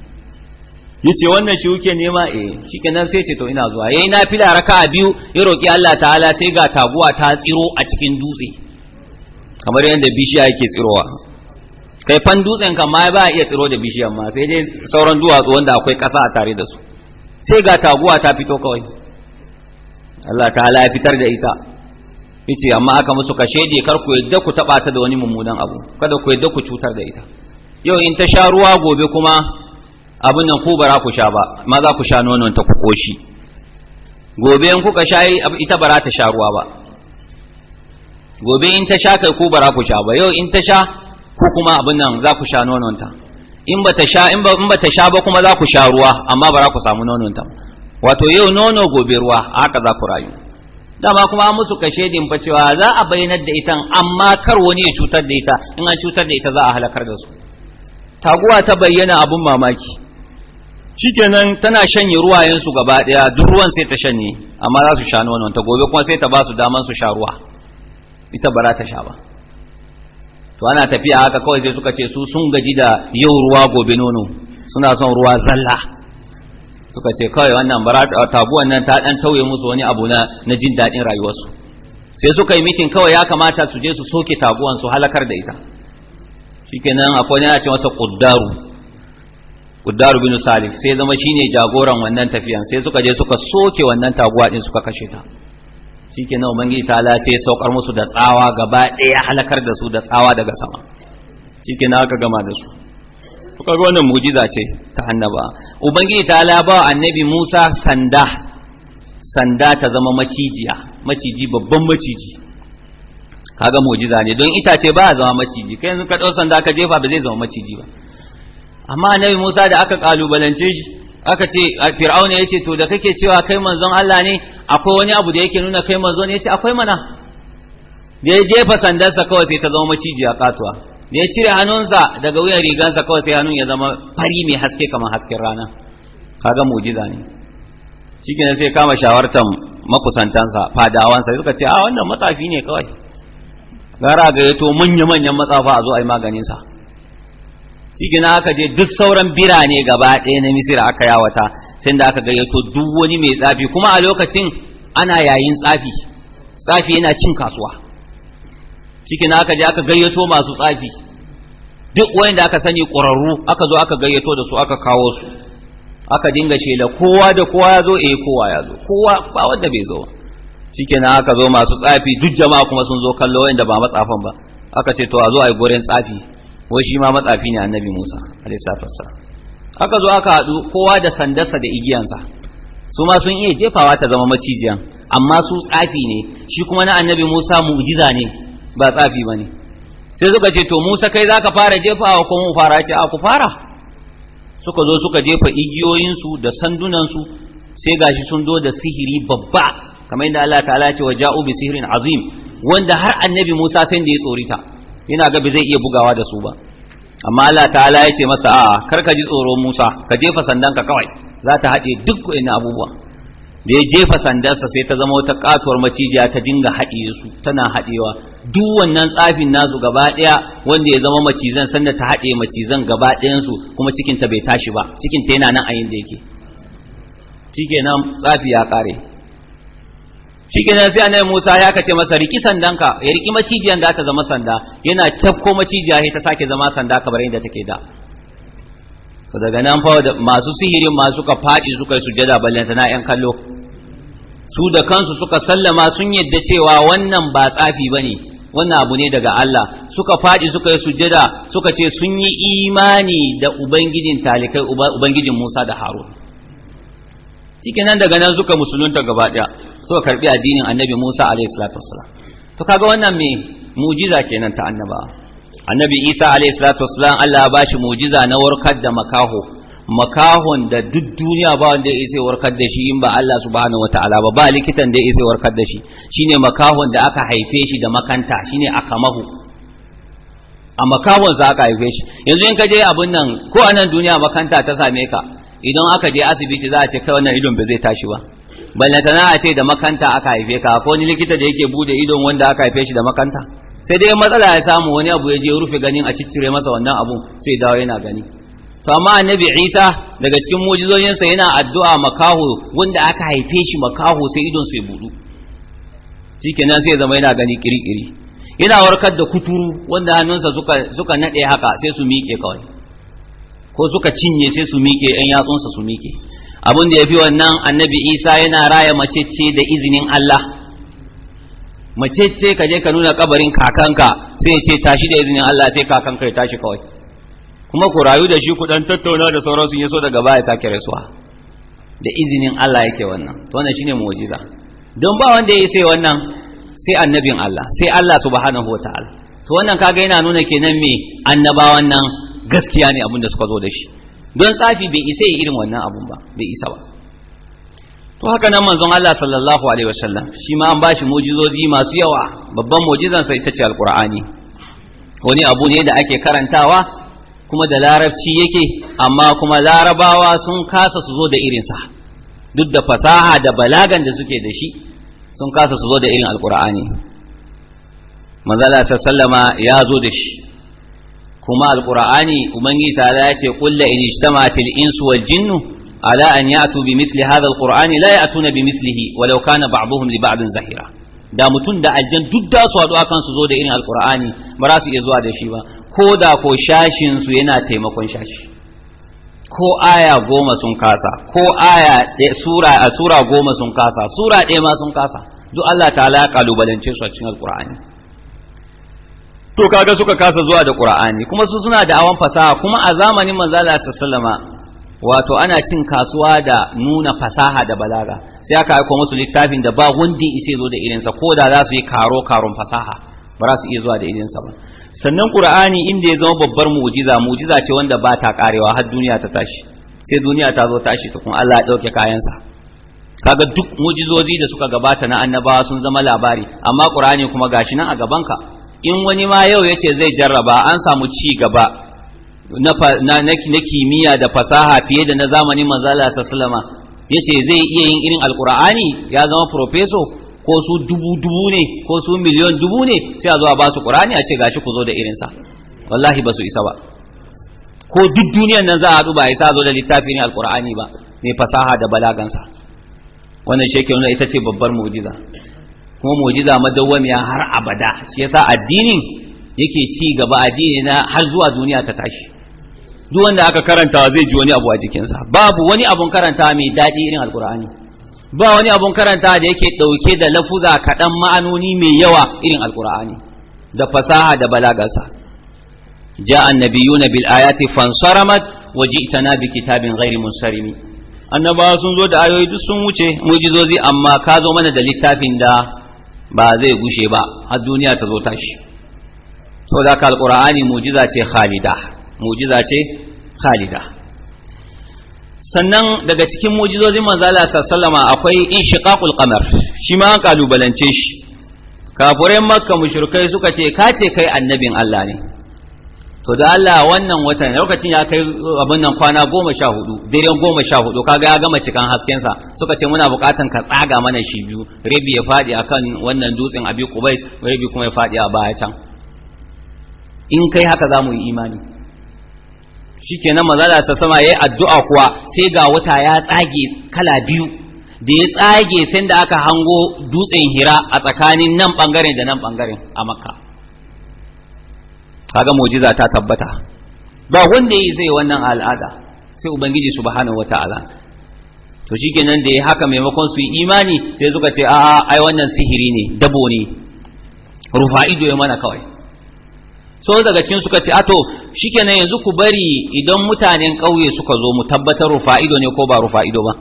yace wannan shi kuke nema eh shikenan sai ce to ina zuwa yayi nafila raka'a biyu ya roki Allah ta'ala sai ga taguwa ta tsiro a cikin dutse kamar yadda bishiya yake tsirowa kai fan dutsen kan ma ba iya tsiro da bishiyan ma sai dai sauran duwatsu wanda akwai ƙasa a tare da su sai ga taguwa ta fito kawai Allah ta ya fitar da ita yace amma aka musu kashedi kar ku yadda ku taba ta da wani mummunan abu kada ku yadda ku cutar da ita yau in ta sha ruwa gobe kuma abin nan ku bara ku sha ba ma za ku sha nonon ta ku koshi gobe in kuka sha ita bara ta sha ruwa ba gobe in ta sha kai ku bara ku sha ba yau in ta sha ko kuma abin nan za ku sha nononta in ba ta sha in ba ta sha ba kuma za ku sha ruwa amma ba za ku samu nononta wato yau nono gobe ruwa haka za ku rayu dama kuma an musu kashe din fa cewa za a bayyanar da ita amma kar wani ya cutar da ita in an cutar da ita za a halakar da su taguwa ta bayyana abun mamaki shikenan tana shanye ruwayensu gaba daya duk ruwan sai ta shanye amma za su sha nonon ta gobe kuma sai ta ba su daman su sha ruwa ita ba ta sha ba to ana tafiya haka kawai sai suka ce su sun gaji da yau ruwa gobe nono suna son ruwa zalla suka ce kawai wannan tabuwan nan ta dan tauye musu wani abu na na jin daɗin rayuwarsu sai suka yi mitin kawai ya kamata su je su soke tabuwan su halakar da ita shikenan akwai yana ce masa quddaru Kuddaru bin Salif sai zama shine jagoran wannan tafiyan sai suka je suka soke wannan tabuwa din suka kashe ta nan ubangiji ta ala sai saukar musu da tsawa gaba ɗaya halakar da su da tsawa daga sama nan aka gama da su kaga wannan mu'jiza ce ta annaba ubangiji ta ala ba annabi Musa sanda sanda ta zama macijiya maciji babban maciji kaga mu'jiza ne don itace ba a zama maciji kai yanzu ka ɗau sanda ka jefa ba zai zama maciji ba amma annabi Musa da aka kalubalance shi aka ce fir'auna ya ce to da kake cewa kai manzon Allah ne akwai wani abu da yake nuna kai manzo ne yace akwai mana da ya jefa sandarsa kawai sai ta zama macijiya katuwa da ya cire hannunsa daga wuyan rigansa kawai sai hannun ya zama fari mai haske kamar hasken rana kaga mujiza ne shikenan sai kama shawartan makusantansa fadawansa suka ce a wannan matsafi ne kawai gara ga yato manya-manyan matsafa a zo a yi maganinsa cikin aka je duk sauran birane gaba ɗaya na misira aka yawata sai da aka gayyato duk wani mai tsafi kuma a lokacin ana yayin tsafi tsafi yana cin kasuwa cikin aka je aka gayyato masu tsafi duk wanda aka sani ƙwararru aka zo aka gayyato da su aka kawo su aka dinga shela kowa da kowa ya zo eh kowa ya zo kowa ba wanda bai zo cikin aka zo masu tsafi duk jama'a kuma sun zo kallo wanda ba matsafan ba aka ce to a zo a yi tsafi wai shi ma matsafi ne annabi Musa alaihissafarsa aka zo aka hadu kowa da sandarsa da igiyansa su ma sun iya jefawa ta zama macijiyan amma su tsafi ne shi kuma na annabi Musa mu'jiza ne ba tsafi ba ne sai suka ce to Musa kai zaka fara jefawa ko mu fara ce a ku fara suka zo suka jefa igiyoyinsu da sandunansu sai gashi sun zo da sihiri babba kamar yadda Allah ta'ala ce wa ja'u bi sihrin azim wanda har annabi Musa sai da ya tsorita yana ga ba zai iya bugawa da su ba amma Allah ta'ala ya ce masa a'a kar ka ji tsoro Musa ka jefa sandanka kawai za ta haɗe duk ina abubuwa da ya jefa sandarsa sai ta zama wata katuwar macijiya ta dinga haɗiye su tana haɗewa duk wannan tsafin nasu gaba ɗaya wanda ya zama macizan sanda ta haɗe macizan gaba ɗayansu kuma cikinta bai tashi ba cikinta yana nan a yin da yake shikenan tsafi ya ƙare shikenan sai annabi Musa ya kace masa riki sandanka ya riki macijiyan da ta zama sanda yana cafko macijiya ta sake zama sanda kamar inda take da to daga nan fa masu sihirin masu ka fadi suka yi sujada ballanta na yan kallo su da kansu suka sallama sun yadda cewa wannan ba tsafi bane wannan abu ne daga Allah suka fadi suka yi sujada suka ce sun yi imani da ubangijin talikai ubangijin Musa da Harun nan daga nan suka musulunta gaba daya ka karbi addinin annabi Musa alayhi salatu wassalam to kaga wannan me mujiza kenan ta annaba annabi Isa alayhi salatu wassalam Allah ya bashi mujiza na warkar da makaho makahon da duk duniya ba wanda ya isa warkar da shi in ba Allah subhanahu wataala ba ba likitan da ya isa warkar da shi shine makahon da aka haife shi da makanta shine akamahu a makahon za aka haife shi yanzu in ka je abun nan ko a nan duniya makanta ta same ka idan aka je asibiti za a ce kai wannan idon ba zai tashi ba na a ce da makanta aka haife ka ko ni likita da yake bude idon wanda aka haife shi da makanta sai dai matsala ya samu wani abu ya je rufe ganin a ciccire masa wannan abun sai dawo yana gani to amma annabi Isa daga cikin mujizoyinsa yana addu'a makaho wanda aka haife shi makaho sai idon sai budu shikenan sai zama yana gani kirikiri yana warkar da kuturu wanda hannunsa suka suka nade haka sai su miƙe kawai ko suka cinye sai su miƙe ɗan yatsunsa su miƙe abin da ya fi wannan annabi isa yana raya macece da izinin allah macece ka je ka nuna kabarin kakanka sai ya ce tashi da izinin allah sai kakanka ya tashi kawai kuma ku rayu da shi ku dan tattauna da sauransu ya so daga baya sake rasuwa da izinin allah yake wannan to wannan shine mu'jiza don ba wanda ya yi sai wannan sai annabin allah sai allah subhanahu wataala to wannan kaga yana nuna kenan me annabawan nan gaskiya ne abin da suka zo da shi don tsafi bai isa ya irin wannan abun ba bai isa ba to haka nan manzon Allah sallallahu alaihi wasallam shi ma an bashi mujizozi masu yawa babban mujizan sai ta ce alqur'ani wani abu ne da ake karantawa kuma da larabci yake amma kuma larabawa sun kasa su zo da irinsa duk da fasaha da balagan da suke da shi sun kasa su zo da irin alqur'ani manzon Allah sallama ya zo da shi kuma alqur'ani ubangi ta ya ce qul in ijtama'atil insu wal jinnu ala an ya'tu bi misli hadha alqur'ani la ya'tuna bi mislihi walau kana zahira da mutum da aljan duk da su haɗu akan su zo da irin alkur'ani ba za su iya zuwa da shi ba ko da ko shashinsu su yana taimakon shashi ko aya goma sun kasa ko aya sura a sura goma sun kasa sura ɗaya ma sun kasa duk Allah ta'ala ya kalubalance su a cikin alqur'ani to kaga suka kasa zuwa da qur'ani kuma su suna da awan fasaha kuma a zamanin manzo Allah sallama wato ana cin kasuwa da nuna fasaha da balaga sai aka aika musu littafin da ba wanda ise zo da irinsa ko da za su yi karo karon fasaha ba za su iya zuwa da irinsa ba sannan qur'ani inda ya zama babbar mu'jiza mu'jiza ce wanda ba ta karewa har duniya ta tashi sai duniya ta zo tashi ta kuma Allah ya dauke kayansa kaga duk mu'jizozi da suka gabata na annabawa sun zama labari amma qur'ani kuma gashi nan a ka. in wani ma yau ya ce zai jarraba an samu ci gaba na kimiyya da fasaha fiye da na zamanin manzala sallama yace zai iya yin irin alqur'ani ya zama professor ko su dubu dubu ne ko su miliyon dubu ne sai a zo ba su qur'ani a ce gashi ku zo da irinsa wallahi ba su isa ba ko duk duniyar nan za a haɗu a zo da littafin alqur'ani ba mai fasaha da balagansa wannan shekaru ita ce babbar mu'jiza kuma mu'jiza madawwamiya har abada shi yasa addinin yake ci gaba addini na har zuwa duniya ta tashi duk wanda aka karanta zai ji wani abu a jikinsa babu wani abun karanta mai daɗi irin alkur'ani ba wani abun karanta da yake ɗauke da lafuza kaɗan ma'anoni mai yawa irin alkur'ani da fasaha da balagarsa ja annabiyuna bil ayati fansaramat wa ji'tana bi kitabin ghairi munsarimi annabawa sun zo da ayoyi duk sun wuce mu'jizozi amma ka zo mana da littafin da ba zai gushe ba har duniya ta zo tashi so da ka alqur'ani mujiza ce khalida mujiza ce khalida sannan daga cikin mujizozin manzala sallama akwai inshiqaqul qamar shi ma an kalubalance shi kafurai makka mushrikai suka ce ka ce kai annabin Allah ne to da Allah wannan watan lokacin ya kai abin nan kwana goma sha hudu daren goma sha hudu kaga ya gama cikan haskensa suka ce muna bukatan ka tsaga mana shi biyu rabi ya fadi akan wannan dutsen abi kubais rabi kuma ya fadi a baya can in kai haka za mu yi imani shikenan da sa sama yayi addu'a kuwa sai ga wata ya tsage kala biyu da ya tsage sai da aka hango dutsen hira a tsakanin nan bangaren da nan bangaren a makka kaga mu'jiza ta tabbata ba wanda yi zai wannan al'ada sai ubangiji subhanahu wataala to shikenan da ya haka maimakon su imani sai suka ce a ai wannan sihiri ne dabo ne rufa'ido ya mana kawai so daga cikin suka ce a to shikenan yanzu ku bari idan mutanen kauye suka zo mu tabbatar rufa'ido ne ko ba rufa'ido ba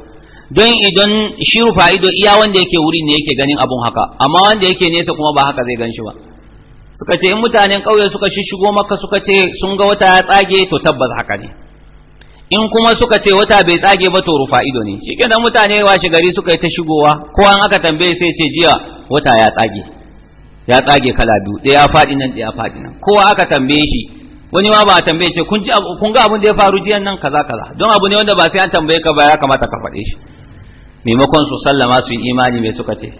don idan shi rufa'ido iya wanda yake wurin ne yake ganin abun haka amma wanda yake nesa kuma ba haka zai gan shi ba suka ce in mutanen ƙauye suka shishigo maka suka ce sun ga wata ya tsage to tabbas haka ne in kuma suka ce wata bai tsage ba to rufa ido ne shi kenan mutane washe gari suka yi ta shigowa ko an aka tambaye sai ce jiya wata ya tsage ya tsage kala biyu ɗaya faɗi nan ɗaya faɗi nan kowa aka tambaye shi wani ma ba a tambaye ce kun ji kun ga abin da ya faru jiyan nan kaza kaza don abu ne wanda ba sai an tambaye ka ba ya kamata ka faɗe shi maimakon su sallama su yi imani me suka ce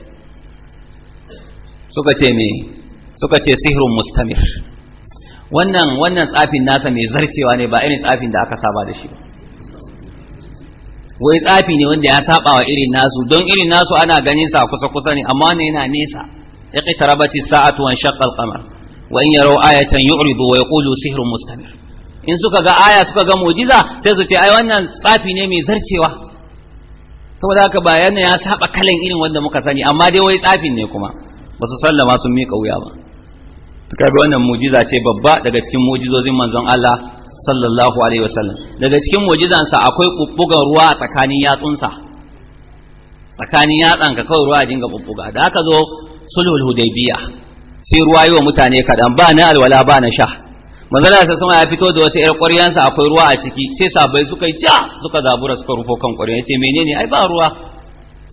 suka ce me suka ce sihirun mustamir wannan wannan tsafin nasa mai zarcewa ne ba irin tsafin da aka saba da shi ba wai tsafi ne wanda ya saba wa irin nasu don irin nasu ana ganin sa kusa kusa ne amma ne yana nesa iqtarabati sa'atu wa shaqqa al-qamar wa in yaraw ayatan yu'ridu wa yaqulu sihrun mustamir in suka ga aya suka ga mu'jiza sai su ce ai wannan tsafi ne mai zarcewa saboda haka bayanin ya saba kalan irin wanda muka sani amma dai wai tsafin ne kuma ba su sallama sun mika wuya ba kaga wannan mujiza ce babba daga cikin mujizozin manzon Allah sallallahu alaihi wasallam daga cikin mujizansa akwai kubbugan ruwa a tsakanin yatsunsa tsakanin yatsan ka kawai ruwa jinga kubbuga da aka zo sulhul hudaybiya sai ruwa yi wa mutane kadan ba na alwala ba na sha manzala sai sama ya fito da wata yar ƙuryansa akwai ruwa a ciki sai sabai suka yi ja suka zabura suka rufo kan ƙwaryan yace menene ai ba ruwa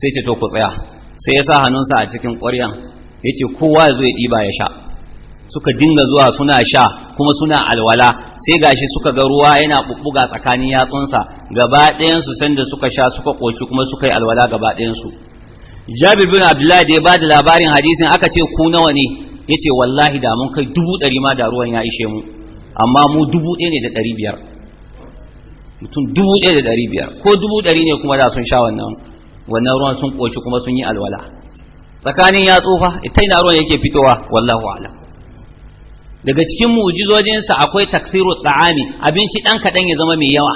sai ce to ku tsaya sai ya sa hannunsa a cikin ƙuryan yace kowa zai zo ɗiba ya sha suka dinga zuwa suna sha kuma suna alwala sai gashi suka ga ruwa yana bubbuga tsakanin yatsunsa gaba ɗayan su sanda suka sha suka koci kuma suka yi alwala gaba ɗayan su Jabir bin Abdullahi da ya bada labarin hadisin aka ce ku nawa ne yace wallahi da mun kai dubu ɗari ma da ruwan ya ishe mu amma mu dubu ɗaya ne da ɗari biyar mutum dubu ɗaya da ɗari biyar ko dubu ɗari ne kuma da sun sha wannan wannan ruwan sun koci kuma sun yi alwala tsakanin ya tsufa ita ina ruwan yake fitowa wallahu alam daga cikin mu'jizojinsa akwai taksiru ta'ami abinci ɗan kaɗan ya zama mai yawa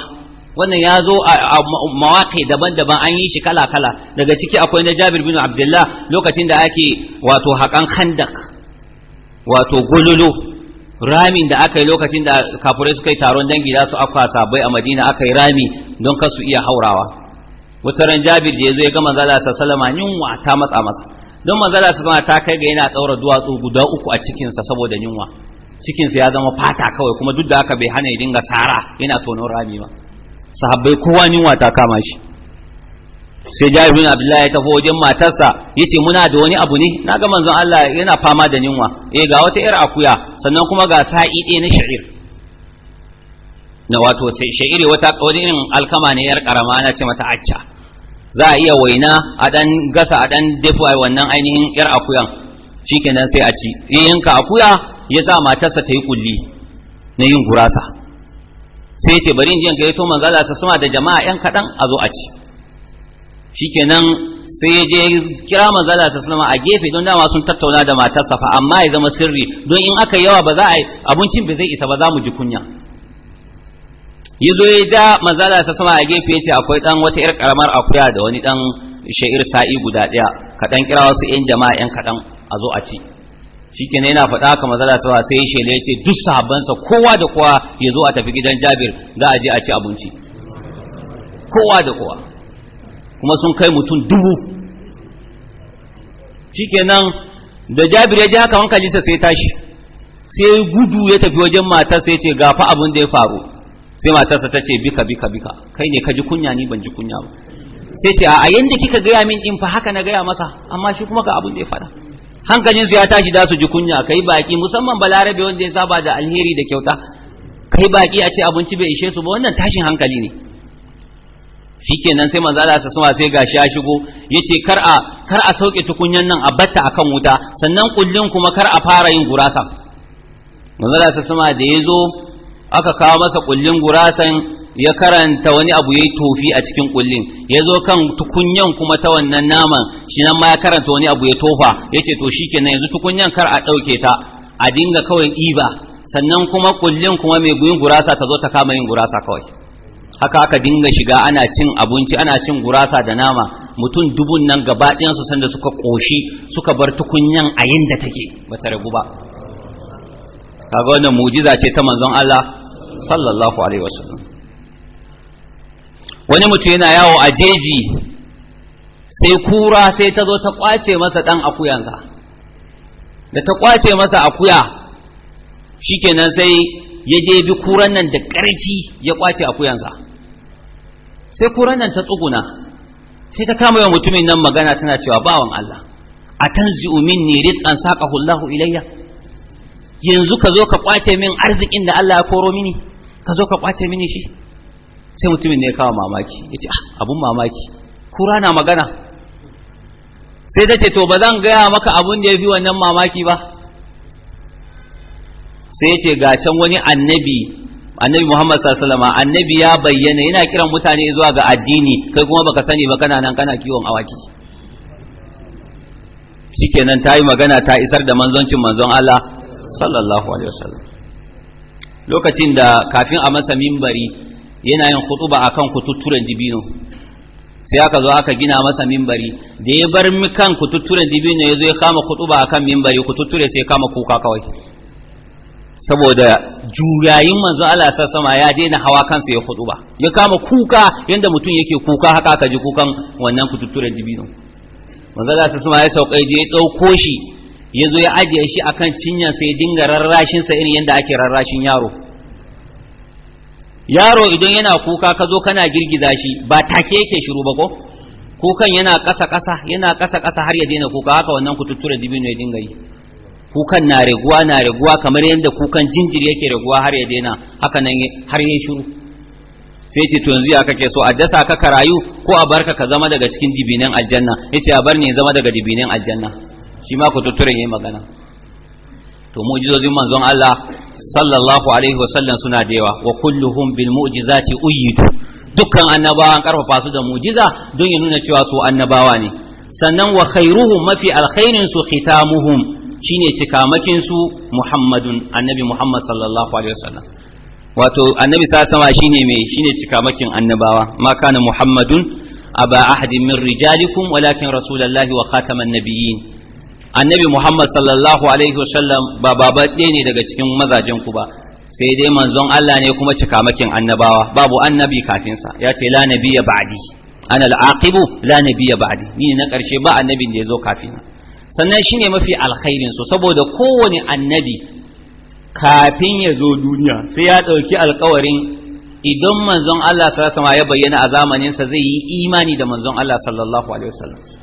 wannan ya zo a mawaƙi daban-daban an yi shi kala-kala daga ciki akwai na jabir bin abdullah lokacin da ake wato haƙan khandak wato gololo ramin da aka yi lokacin da kafurai suka yi taron dangi za su afka sabai a madina aka yi rami don kar iya haurawa wata jabir da ya zo ya ga manzala salama yunwa ta matsa masa don manzala sallama ta kai ga yana ɗaura duwatsu guda uku a cikinsa saboda yunwa cikinsa ya zama fata kawai kuma duk da aka bai hana ya dinga sara yana tonon rami ba sahabbai kowa ni ta kama shi sai jari bin abdullahi ya tafi wajen matarsa Ya ce muna da wani abu ne Na ga manzon Allah yana fama da ninwa. eh ga wata yar akuya sannan kuma ga sa'i ɗaya na sha'ir na wato sai sha'iri wata wani irin alkama ne yar karama ana ce mata acca za a iya waina a dan gasa a dan dafa wannan ainihin yar akuyan shikenan sai a ci ka akuya ya sa matarsa ta yi kulli na yin gurasa sai ya ce bari in ya to manzo Allah sama da jama'a yan kaɗan a zo a ci shikenan sai ya je kira manzo Allah sama a gefe don dama sun tattauna da matarsa fa amma ya zama sirri don in aka yawa ba za a abincin ba zai isa ba za mu ji kunya ya zo ya ja manzo Allah sama a gefe ya ce akwai dan wata yar karamar akuya da wani dan sha'ir sa'i guda ɗaya kaɗan kira wasu yan jama'a yan kaɗan a zo a ci shikenan yana faɗa haka manzala sawa sai shela ya ce duk sahabbansa kowa da kowa ya zo a tafi gidan jabir za a je a ci abinci kowa da kowa kuma sun kai mutum dubu shikenan da jabir ya ji haka hankalinsa sai tashi sai gudu ya tafi wajen matar sai ce gafa abin da ya faru sai matarsa ta ce bika bika bika kai ne ka ji kunya ni ban ji kunya ba sai ce a yanda kika gaya min in fa haka na gaya masa amma shi kuma ga abin da ya faɗa hankalinsu ya tashi da su ji kunya kai baki musamman balarabe wanda ya saba da alheri da kyauta kai baki a ce abinci bai ishe su ba wannan tashin hankali ne shikenan sai manzala sa suma sai gashi ya shigo yace kar a kar a sauke tukunyan nan a batta akan wuta sannan kullun kuma kar a fara yin gurasa manzala sa suma da yazo aka kawo masa kullun gurasan ya karanta wani abu ya yi tofi a cikin kullin ya zo kan tukunyan kuma ta wannan naman shi nan ma ya karanta wani abu ya tofa ya ce to shi shikenan yanzu tukunyan kar a ɗauke ta a dinga kawai ɗiba sannan kuma kullin kuma mai guyin gurasa ta zo ta kama yin gurasa kawai haka aka dinga shiga ana cin abinci ana cin gurasa da nama mutum dubun nan gaba su sanda suka koshi suka bar tukunyan a yinda take bata ragu ba kaga wannan mu'jiza ce ta manzon Allah sallallahu alaihi wasallam wani mutum yana yawo a jeji sai kura sai ta zo ta kwace masa ɗan akuyansa da ta kwace masa akuya shikenan sai ya je bi kuran nan da ƙarfi ya kwace akuyansa sai kuran nan ta tsuguna sai ta kama yawan mutumin nan magana tana cewa bawan Allah a tanzi'u minni rizqan saqahu Allahu ilayya yanzu ka zo ka kwace min arzikin da Allah ya koro mini ka zo ka kwace mini shi sai mutumin ne ya kawo mamaki ya ce ah, abun mamaki kura na magana sai ta ce to ba zan gaya maka abun da ya fi wannan mamaki ba sai ya ce ga can wani annabi annabi muhammad sallama annabi ya bayyana yana kiran mutane zuwa ga addini kai kuma baka sani ba kana nan kana kiwon awaki shikenan ta yi magana ta isar da manzoncin manzon Allah sallallahu alaihi wasallam lokacin da kafin a masa mimbari yana yin khutuba akan kututturen dibino sai aka zo aka gina masa mimbari da ya bar kan kututturen dibino ya zo ya kama khutuba akan mimbari kututture sai kama kuka kawai saboda juyayin manzo Allah sa sama ya daina hawa kansa ya khutuba ya kama kuka yanda mutum yake kuka haka aka ji kukan wannan kututturen dibino manzo Allah sa sama ya sauka je ya dauko shi yazo ya ajiye shi akan cinyar sai dinga rarrashin sa irin yanda ake rarrashin yaro yaro idan yana kuka ka zo kana girgiza shi ba take yake shiru ba ko kukan yana ƙasa ƙasa yana ƙasa ƙasa har ya daina kuka haka wannan kututtura dibino ya dinga yi kukan na raguwa na raguwa kamar yadda kukan jinjiri yake raguwa har ya daina haka nan har ya shiru sai ce to yanzu ya kake so a dasa ka ka rayu ko a barka ka zama daga cikin dibinan aljanna yace a bar ne zama daga dibinan aljanna shi ma kututturen yayi magana to mu'jizozin manzon Allah sallallahu alaihi wasallam suna da yawa wa kulluhum bil mu'jizati uyyitu dukkan annabawan karfafa su da mu'jiza don ya nuna cewa su annabawa ne sannan wa khairuhum mafi alkhairin su khitamuhum shine cikamakin su muhammadun annabi muhammad sallallahu alaihi wasallam wato annabi sallallahu alaihi shine mai shine cikamakin annabawa ma kana muhammadun aba ahadin min rijalikum walakin rasulullahi wa khataman nabiyyin annabi muhammad sallallahu alaihi wasallam ba ɗaya ne daga cikin mazajen ku ba sai dai manzon Allah ne kuma cikamakin annabawa babu annabi kafinsa ya ce la nabiyya ba'di ana al-aqibu la nabiyya ba'di ni na karshe ba annabin da ya zo kafina sannan shine mafi alkhairin so saboda kowane annabi kafin ya zo duniya sai ya ɗauki alkawarin idan manzon Allah sallallahu alaihi wasallam ya bayyana a zamaninsa zai yi imani da manzon Allah sallallahu alaihi wasallam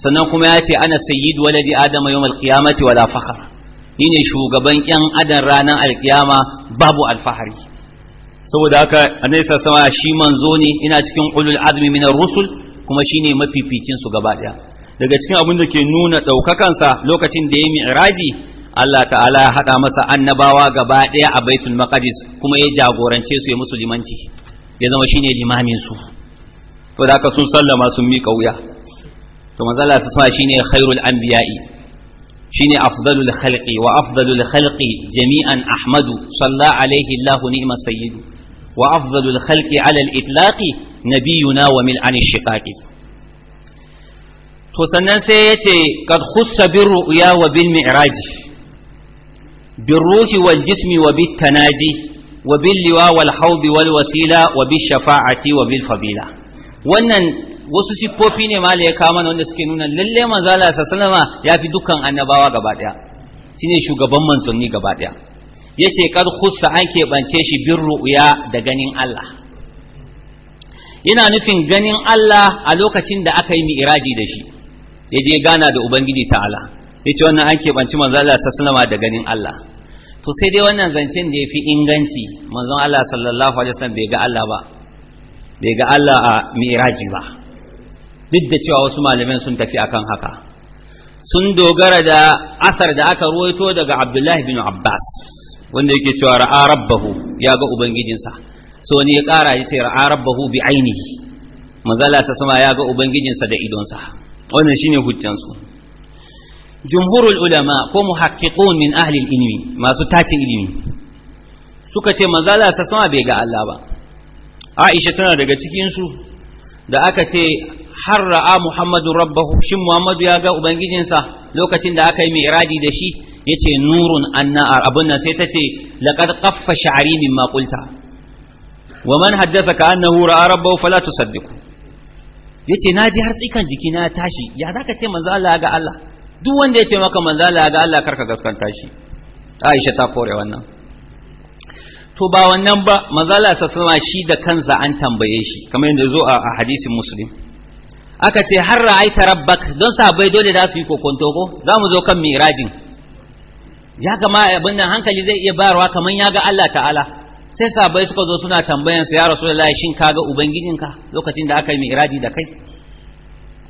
sannan kuma ya ce ana sayyid waladi adama yawm alqiyamati wala fakhar ni ne shugaban yan adam ranar alkiyama babu alfahari saboda haka annabi sallallahu shi manzo ne ina cikin ulul azmi min rusul kuma shine mafificin su gaba daya daga cikin abin da ke nuna daukakansa lokacin da ya mi'raji Allah ta'ala ya hada masa annabawa gaba daya a baitul maqdis kuma ya jagorance su ya musu limanci ya zama shine limamin su saboda haka sun sallama sun miƙa wuya to manzo Allah sallallahu shine khairul anbiya'i shine afdalul khalqi wa afdalul khalqi jami'an ahmadu salla alaihi Allah ni'ma sayyid wa afdalul khalqi ala al-itlaqi nabiyuna wa mil'an shiqaqi to sannan sai yace ce kad khussa bin ru'ya wa bin mi'raji bin ruhi wal jismi wa bit tanaji wa bin liwa wal haudi wal wasila wa bin shafa'ati wa bin fadila wannan wasu siffofi ne mala ya kawo mana wanda suke nuna lalle manzo Allah sallallahu ya fi dukkan annabawa gaba daya shine shugaban manzonni gaba daya yace kad khussa an keɓance shi bin ru'ya da ganin Allah yana nufin ganin Allah a lokacin da aka yi mi'raji da shi ya je gana da ubangiji ta'ala yace wannan an banci manzo Allah sallallahu da ganin Allah to sai dai wannan zancen da yafi inganci manzon Allah sallallahu alaihi wasallam bai ga Allah ba bai ga Allah a miraji ba duk da cewa wasu malamai sun tafi akan haka sun dogara da asar da aka ruwaito daga abdullahi bin abbas wanda yake cewa ra'a rabbahu ya ga ubangijinsa so wani ya kara ya ce ra'a rabbahu bi ainihi mazala ta sama ya ga ubangijinsa da idonsa wannan shine hujjansu jumhurul ulama ko muhaqqiqun min ahli ilmi masu tace ilimi suka ce mazala ta sama bai ga Allah ba Aisha tana daga cikin su da aka ce har ra'a Muhammadu rabbahu shin Muhammadu ya ga ubangijinsa lokacin da aka yi iradi da shi yace nurun anna abun nan sai ta laqad qaffa sha'ri mimma qulta wa man haddathaka annahu ra'a rabbahu fala tusaddiqu yace naji har tsikan jiki na tashi ya zaka ce manzo Allah ga Allah duk wanda yace maka manzo Allah ga Allah karka gaskanta shi Aisha ta kore wannan to ba wannan ba manzo Allah shi da kansa an tambaye shi kamar yadda zo a hadisin Muslim aka ce har ra'aita rabbak don sahabbai dole za su yi kokonto ko za mu zo kan mirajin ya gama abin nan hankali zai iya bayarwa kamar ya ga Allah ta'ala sai sahabbai suka zo suna tambayan su ya rasulullahi shin ka ga ubangijinka lokacin da aka yi miraji da kai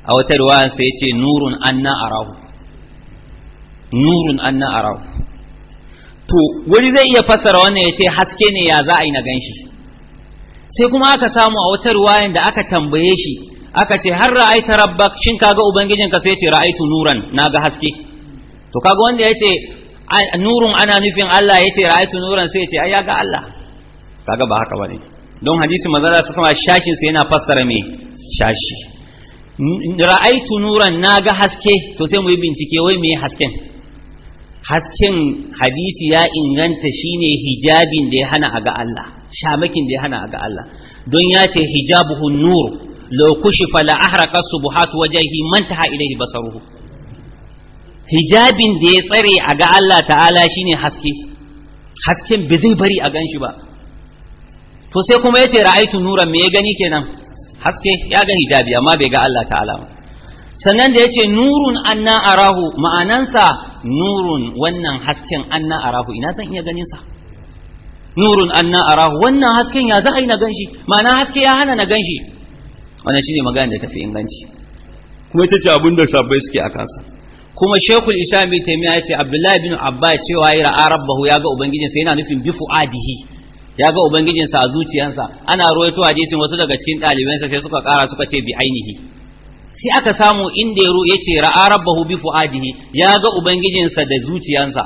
a wata riwaya sai ya ce nurun anna arahu nurun anna arahu to wani zai iya fassara wannan ya ce haske ne ya za a yi na ganshi sai kuma aka samu a wata ruwayan da aka tambaye shi aka ce har ra'aita rabbak shin kaga ka sai ce ra'aitu nuran naga haske to kaga wanda yace nurun ana nufin Allah yace ra'aitu nuran sai yace ai ga Allah kaga ba haka bane don hadisi manzala sa sama shashin sai yana fassara me shashi ra'aitu nuran naga haske to sai mu yi bincike wai me hasken hasken hadisi ya inganta shine hijabin da ya hana a ga Allah shamakin da ya hana a ga Allah don ya ce hijabuhu nur law kushifa la ahraqa subuhat wajhihi man taha ilayhi basaruhu hijabin da ya tsare a ga Allah ta'ala shine haske hasken ba zai bari a ganshi ba to sai kuma yace ra'aitu nuran me ya gani kenan haske ya ga hijabi amma bai ga Allah ta'ala ba sannan da yace nurun anna arahu ma'anansa nurun wannan hasken anna arahu ina zan iya ganin sa nurun anna arahu wannan hasken ya za a yi na ganshi ma'ana haske ya hana na ganshi wannan shine magana da tafi inganci kuma ita ce abin da sabai suke a kansa kuma shekul islam ibn ya ce abdullahi bin abba cewa ya ra'a rabbahu ya ga ubangijinsa yana nufin bifu adihi ya ga ubangijinsa a zuciyansa ana ruwaito hadisin wasu daga cikin ɗalibansa sai suka kara suka ce bi ainihi sai aka samu inda ya ce ra'a rabbahu bifu adihi ya ga ubangijinsa da zuciyansa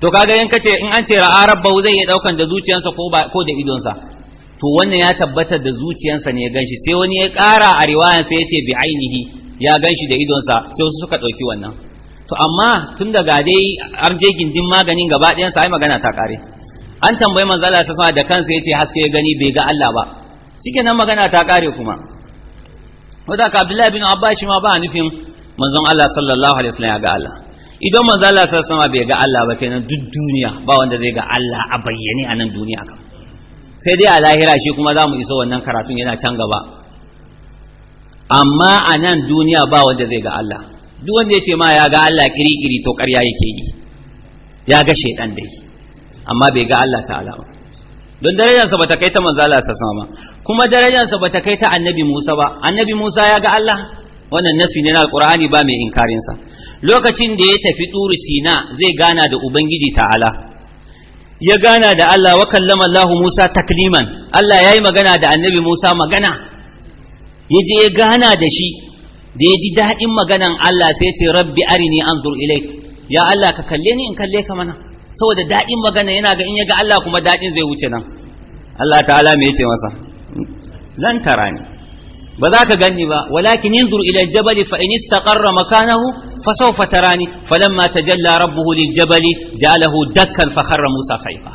to kaga yanka kace in an ce ra'a rabbahu zai iya daukan da zuciyansa ko da idonsa to wannan ya tabbata da zuciyansa ne ya ganshi sai wani ya ƙara a riwayan sai ya ce bi ainihi ya ganshi da idonsa sai wasu suka ɗauki wannan to amma tun daga dai an je gindin maganin gaba ɗayan sai magana ta ƙare an tambayi manzo Allah sai da kansa ya ce haske ya gani bai ga Allah ba nan magana ta ƙare kuma wanda ka Abdullahi bin Abbas shi ma ba nufin manzon Allah sallallahu alaihi wasallam ya ga Allah idan manzo Allah sallallahu bai ga Allah ba kenan duk duniya ba wanda zai ga Allah a bayyane a nan duniya kan sai dai a lahira shi kuma za mu iso wannan karatun yana can gaba amma a nan duniya ba wanda zai ga Allah duk wanda ya ce ma ya ga Allah kiri-kiri to ƙarya yake yi ya ga shaidan dai amma bai ga Allah ta'ala ba don darajarsa ba ta kai ta manzo Allah sa sama kuma darajarsa ba ta kai ta annabi Musa ba annabi Musa ya ga Allah wannan nasi ne na Alƙur'ani ba mai inkarinsa lokacin da ya tafi turu Sina zai gana da Ubangiji ta'ala ya gana da Allah wa kallama Allah Musa takliman Allah ya yi magana da annabi Musa magana ya je ya gana da shi da ya ji daɗin maganan Allah sai ce rabbi arini anzur ilaik ya Allah ka kalle ni in kalle ka mana saboda daɗin magana yana ga in ya ga Allah kuma daɗin zai wuce nan Allah ta'ala me ya ce masa zan tara ni ba za ka ganni ba walakin yanzur ila jabali fa in istaqarra makanahu fa sawfa tarani falamma tajalla rabbuhu lil jabali ja'alahu dakkan fa kharra Musa sayfa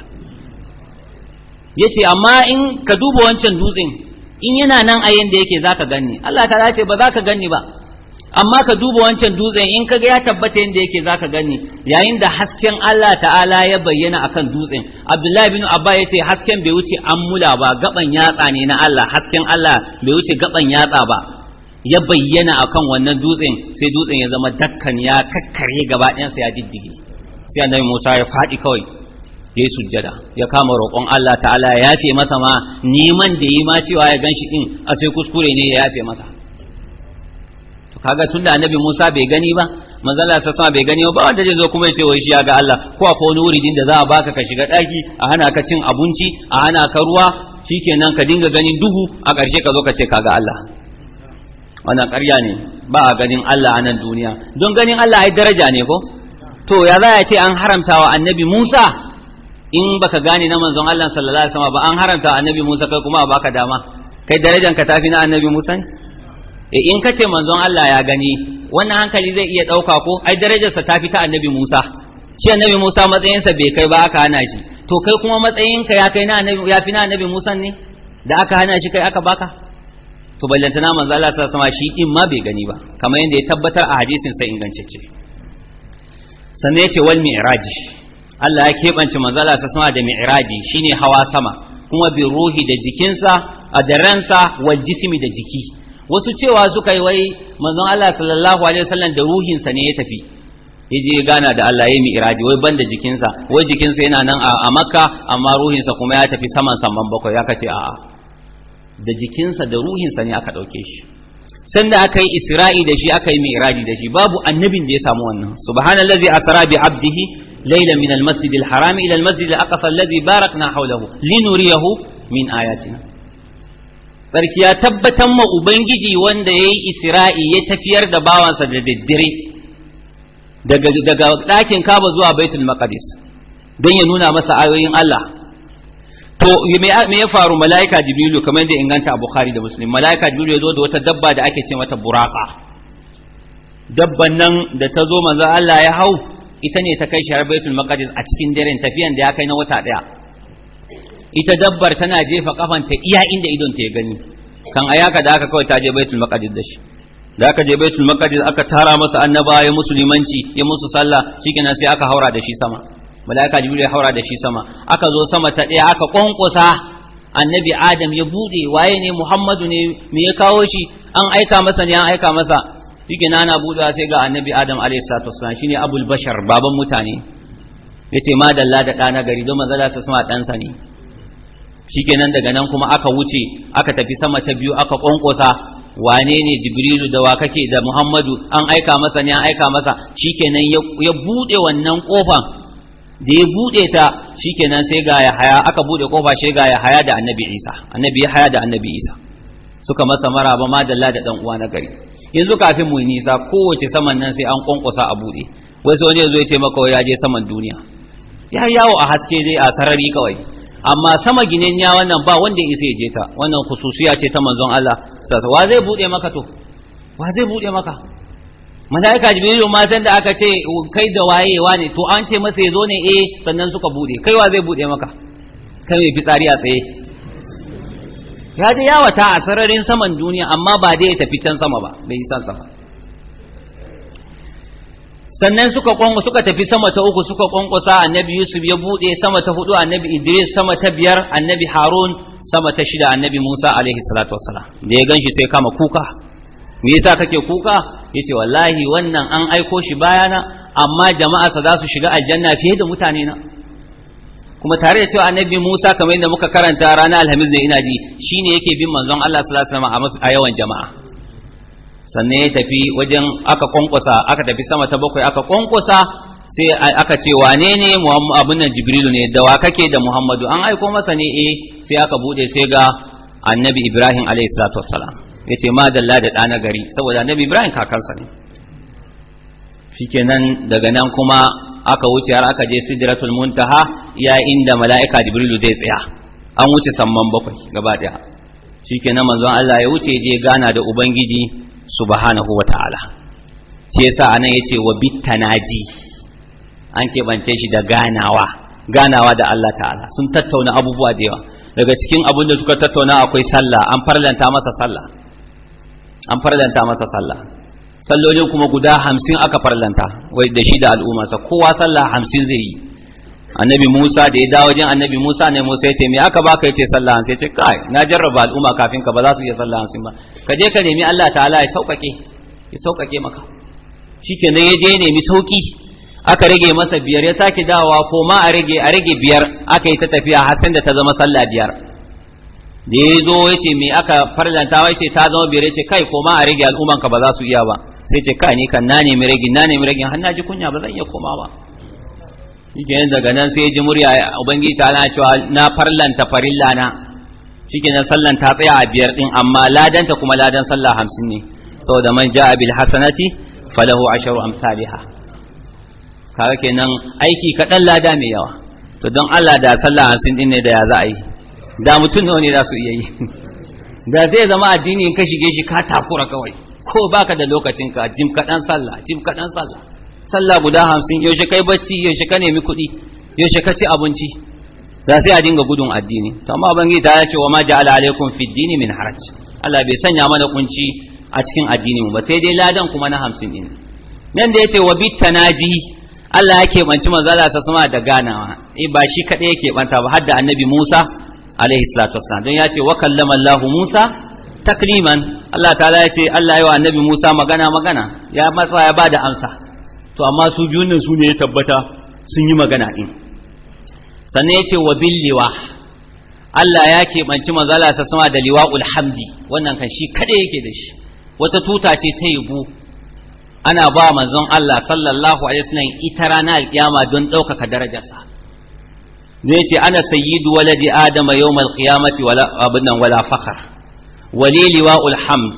yace amma in ka duba wancan dutsen in yana nan a yanda yake zaka ganni Allah ta ce ba za ka ganni ba amma ka duba wancan dutsen in kaga ya tabbata yadda yake zaka gani yayin da hasken Allah ta'ala ya bayyana akan dutsen Abdullahi bin Abba ya ce hasken bai wuce ammula ba gaban yatsa ne na Allah hasken Allah bai wuce gaban yatsa ba ya bayyana akan wannan dutsen sai dutsen ya zama dakkan ya kakkare gaba ɗayansa ya diddige sai annabi Musa ya faɗi kawai yayi sujjada ya kama roƙon Allah ta'ala ya yafe masa ma neman da yi ma cewa ya ganshi din a sai kuskure ne ya yafe masa kaga tunda annabi Musa bai gani ba manzala sa sama bai gani ba wanda zai zo kuma ya ce wai shi ya ga Allah ko akwai wani wuri da za a baka ka shiga daki a hana ka cin abinci a hana ka ruwa shikenan ka dinga ganin duhu a ƙarshe ka zo ka ce kaga Allah wannan ƙarya ne ba a ganin Allah a nan duniya don ganin Allah ai daraja ne ko to ya za a ce an haramtawa annabi Musa in baka gane na manzon Allah sallallahu alaihi wasallam ba an haramta annabi Musa kai kuma a baka dama kai darajanka tafi na annabi Musa ne Eh, in ka ce manzon Allah ya gani wannan hankali zai iya ɗauka ko ai darajarsa ta fita ta annabi Musa shi annabi Musa matsayinsa bai kai ba aka hana shi to kai kuma matsayinka ya kai na annabi ya fi annabi Musa ne da aka hana shi kai aka baka to ballantana manzo Allah sallallahu alaihi shi in ma bai gani ba kamar yadda ya tabbatar a hadisin sai ingantacce sannan yace wal mi'raj Allah ya keɓance manzo Allah sallallahu alaihi da mi'raj shine hawa sama kuma bi ruhi da jikinsa a da ransa wal jismi da jiki wasu cewa suka yi wai manzon Allah sallallahu alaihi wasallam da ruhinsa ne ya tafi ya je gana da Allah ya mi'raji wai banda jikinsa wai jikinsa yana nan a Makka amma ruhinsa kuma ya tafi saman saman bakwai ya kace a'a da jikinsa da ruhinsa ne aka dauke shi sanda aka yi isra'i da shi aka yi mi'raji da shi babu annabin da ya samu wannan subhanallazi asra bi abdihi laylan min al-masjid al-haram ila lazi barak na aqsa allazi barakna min ayatina tsarki ya tabbatar ma ubangiji wanda ya yi isra'i ya tafiyar da bawansa da daddare daga dakin kaba zuwa baitul maqdis don ya nuna masa ayoyin Allah to me ya faru mala'ika jibrilu kamar yadda inganta a bukhari da muslim mala'ika jibrilu ya zo da wata dabba da ake ce mata buraka dabban nan da ta zo manzo Allah ya hau ita ne ta kai shi har baitul maqdis a cikin daren tafiyan da ya kai na wata ɗaya. ita dabbar tana jefa kafanta iya inda idon ta ya gani kan ayaka da aka kawai ta je baitul maqdis da shi da aka je baitul maqdis aka tara masa annaba ya musulmanci ya musu sallah shikenan sai aka haura da shi sama malaika jibril ya haura da shi sama aka zo sama ta daya aka konkosa annabi adam ya bude waye ne muhammadu ne me ya kawo shi an aika masa ne an aika masa shikenan ana budewa sai ga annabi adam alayhi salatu wasallam shine abul bashar baban mutane yace ma dalla da ɗana gari don manzala sa sama ɗansa ne shikenan daga nan kuma aka wuce aka tafi sama ta biyu aka ƙwanƙosa, wane ne jibrilu da wa kake da muhammadu an aika masa ne an aika masa shikenan ya buɗe wannan ƙofan da ya buɗe ta shikenan sai ga ya haya aka buɗe ƙofa sai ga ya haya da annabi isa annabi ya haya da annabi isa suka masa maraba madalla da dan uwa na gari yanzu kafin mu nisa kowace saman nan sai an ƙwanƙwasa a buɗe wai sai wani ya ya ce maka ya je saman duniya ya yawo a haske dai a sarari kawai amma sama ya wannan ba wanda ya isa ya je ta wannan khususiya ce ta manzon Allah sasa wa zai bude maka to wa zai bude maka malaika jibrilu ma san da aka ce kai da wayewa ne to an ce masa ya zo ne eh sannan suka bude kai wa zai bude maka kai mai fitsari a tsaye ya je yawata a sararin saman duniya amma ba dai ya tafi can sama ba bai yi san sama sannan suka suka tafi sama ta uku suka kwankwasa annabi Yusuf ya bude sama ta hudu annabi Idris sama ta biyar annabi Harun sama ta shida annabi Musa alaihi salatu wassalam da ya ganshi sai kama kuka me yasa kake kuka yace wallahi wannan an aiko shi bayana amma jama'a sa za su shiga aljanna fiye da mutane na kuma tare da cewa annabi Musa kamar yadda muka karanta ranar Alhamis ne ina ji shine yake bin manzon Allah sallallahu alaihi wasallam a yawan jama'a sannan ya tafi wajen aka kwankwasa aka tafi sama ta bakwai aka kwankwasa sai aka ce wane ne abin nan jibrilu ne da wa kake da muhammadu an aiko masa ne e sai aka bude sai ga annabi ibrahim alayhi salatu wassalam ya ce madalla da ɗana gari saboda annabi ibrahim kakansa ne shikenan daga nan kuma aka wuce har aka je sidratul muntaha ya inda mala'ika jibrilu zai tsaya an wuce samman bakwai gaba daya shikenan manzon Allah ya wuce je gana da ubangiji subhanahu wata'ala ta'ala shi yasa anan yace wa bitanaji an keɓance shi da ganawa ganawa da Allah ta'ala sun tattauna abubuwa da yawa daga cikin abin da suka tattauna akwai sallah an farlanta masa sallah an farlanta masa sallah sallolin kuma guda hamsin aka farlanta wai da shi da al'ummarsa kowa sallah hamsin zai yi annabi Musa da ya dawo jin annabi Musa ne Musa ya ce me aka baka yace sallah sai ce kai na jarraba al'umma kafin ka ba za su iya sallah hansin ba ka je ka nemi Allah ta'ala ya sauƙaƙe ya sauƙaƙe maka shikenan ya je nemi sauƙi aka rage masa biyar ya sake dawowa ko ma a rage a rage biyar aka yi ta tafiya har sai da ta zama sallah biyar da ya zo ya ce me aka farlanta ya ce ta zama biyar ya ce kai ko ma a rage al'umman ka ba za su iya ba sai ce kai ni kan na nemi rage na nemi rage har na ji kunya ba zan iya komawa ba shikenan daga nan sai ji murya ubangiji ta na cewa na farlanta farilla na nan sallan ta tsaya a biyar din amma ladanta kuma ladan sallah hamsin ne saboda man ja'a bil hasanati falahu asharu amsalha kaga kenan aiki kaɗan lada mai yawa to don Allah da sallah hamsin din ne da ya za a yi da mutum nawa ne za su iya yi da zai zama addini in ka shige shi ka takura kawai ko baka da lokacin ka jim kaɗan sallah jim kaɗan sallah sallah guda hamsin yaushe kai bacci yaushe ka nemi kuɗi yaushe ka ci abinci za sai a dinga gudun addini to amma bangi ta ce wa ma ja'ala alaikum fid dini min haraj Allah bai sanya mana kunci a cikin addini mu ba sai dai ladan kuma na hamsin din nan da yace wa bit tanaji Allah yake banci manzo Allah sa sama da ganawa eh ba shi kadai yake banta ba hadda annabi Musa alaihi salatu wassalam don yace wa kallama Allah Musa takliman Allah ta'ala yace Allah ya wa annabi Musa magana magana ya matsa ya bada amsa to amma su biyun nan su ne ya tabbata sun yi magana din sannan ya ce wa billiwa Allah ya keɓanci manzala sa sama da liwa'ul hamdi wannan kan shi kaɗai yake da shi wata tuta ce ta yabo ana ba manzon Allah sallallahu alaihi wasallam ita ranar kiyama don ɗaukaka darajarsa zai ce ana sayyidu waladi adama yawmal qiyamati wala abunnan wala fakhar wali liwa'ul hamd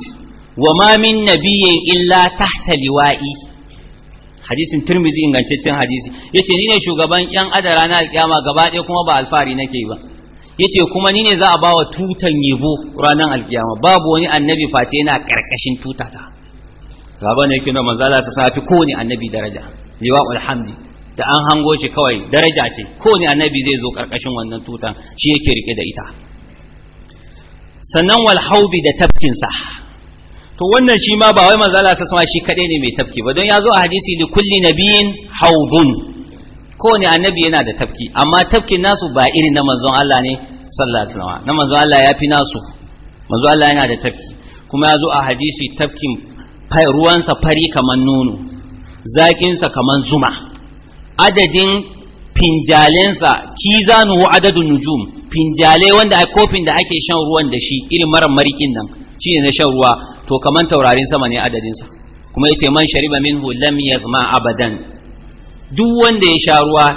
wa ma min nabiyyin illa tahta liwa'i hadisin tirmizi ingancaccen hadisi yace ni ne shugaban yan adara na alkyama gaba ɗaya kuma ba alfari nake ba Ya ce kuma ni ne za a bawa tutan yabo ranar alkyama babu wani annabi face yana karkashin tutata gaba ne yake na manzo Allah sa ko ne annabi daraja liwa alhamdi da an hango shi kawai daraja ce Ko ne annabi zai zo karkashin wannan tutan shi yake rike da ita sannan walhaubi haubi da tafkinsa to wannan shi ma ba wai manzo Allah shi kadai ne mai tafki ba don ya zo a hadisi li kulli nabiyin haudun kowane annabi yana da tafki amma tafkin nasu ba irin na manzon Allah ne sallallahu alaihi wasallam na manzon Allah ya nasu manzo Allah yana da tafki kuma ya zo a hadisi tafkin ruwansa fari kaman nono zaƙinsa kaman zuma adadin finjalensa kizanuhu adadun nujum finjale wanda kofin da ake shan ruwan da shi irin marar marikin nan shi ne na shan ruwa to kaman taurarin sama ne adadinsa kuma yace man shariba minhu lam yazma abadan duk wanda ya sha ruwa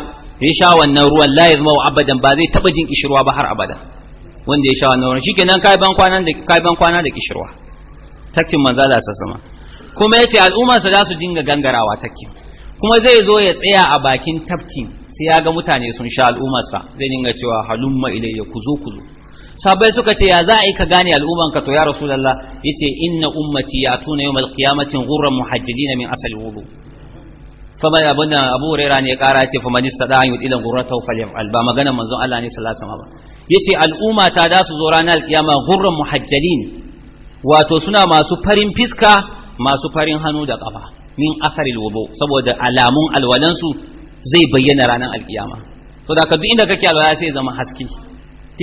ya sha wannan ruwan la yazma abadan ba zai taba jin kishirwa ba har abada wanda ya sha wannan ruwan shikenan kai ban kwana da kai ban kwana da kishirwa takkin manzo Allah sama kuma yace al'umma sa za su dinga gangarawa takkin kuma zai zo ya tsaya a bakin tafkin sai ya ga mutane sun sha al'ummarsa zai dinga cewa halumma ilayya ku zo ku zo sabai suka ce ya za a yi ka gane al'umman ka to ya rasulullah yace inna ummati yatuna yawmal qiyamati ghurran muhajjalina min asal wudu faman abuna abu huraira ne kara ce faman istada an yudila ghurratahu falyaf'al ba magana manzon Allah ne sallallahu alaihi wasallam yace al'umma ta da su zo ranar alkiyama ghurran muhajjalin wato suna masu farin fiska masu farin hannu da kafa min asaril wudu saboda alamun alwalansu zai bayyana ranar alkiyama to da ka duk inda kake alwala sai zama haske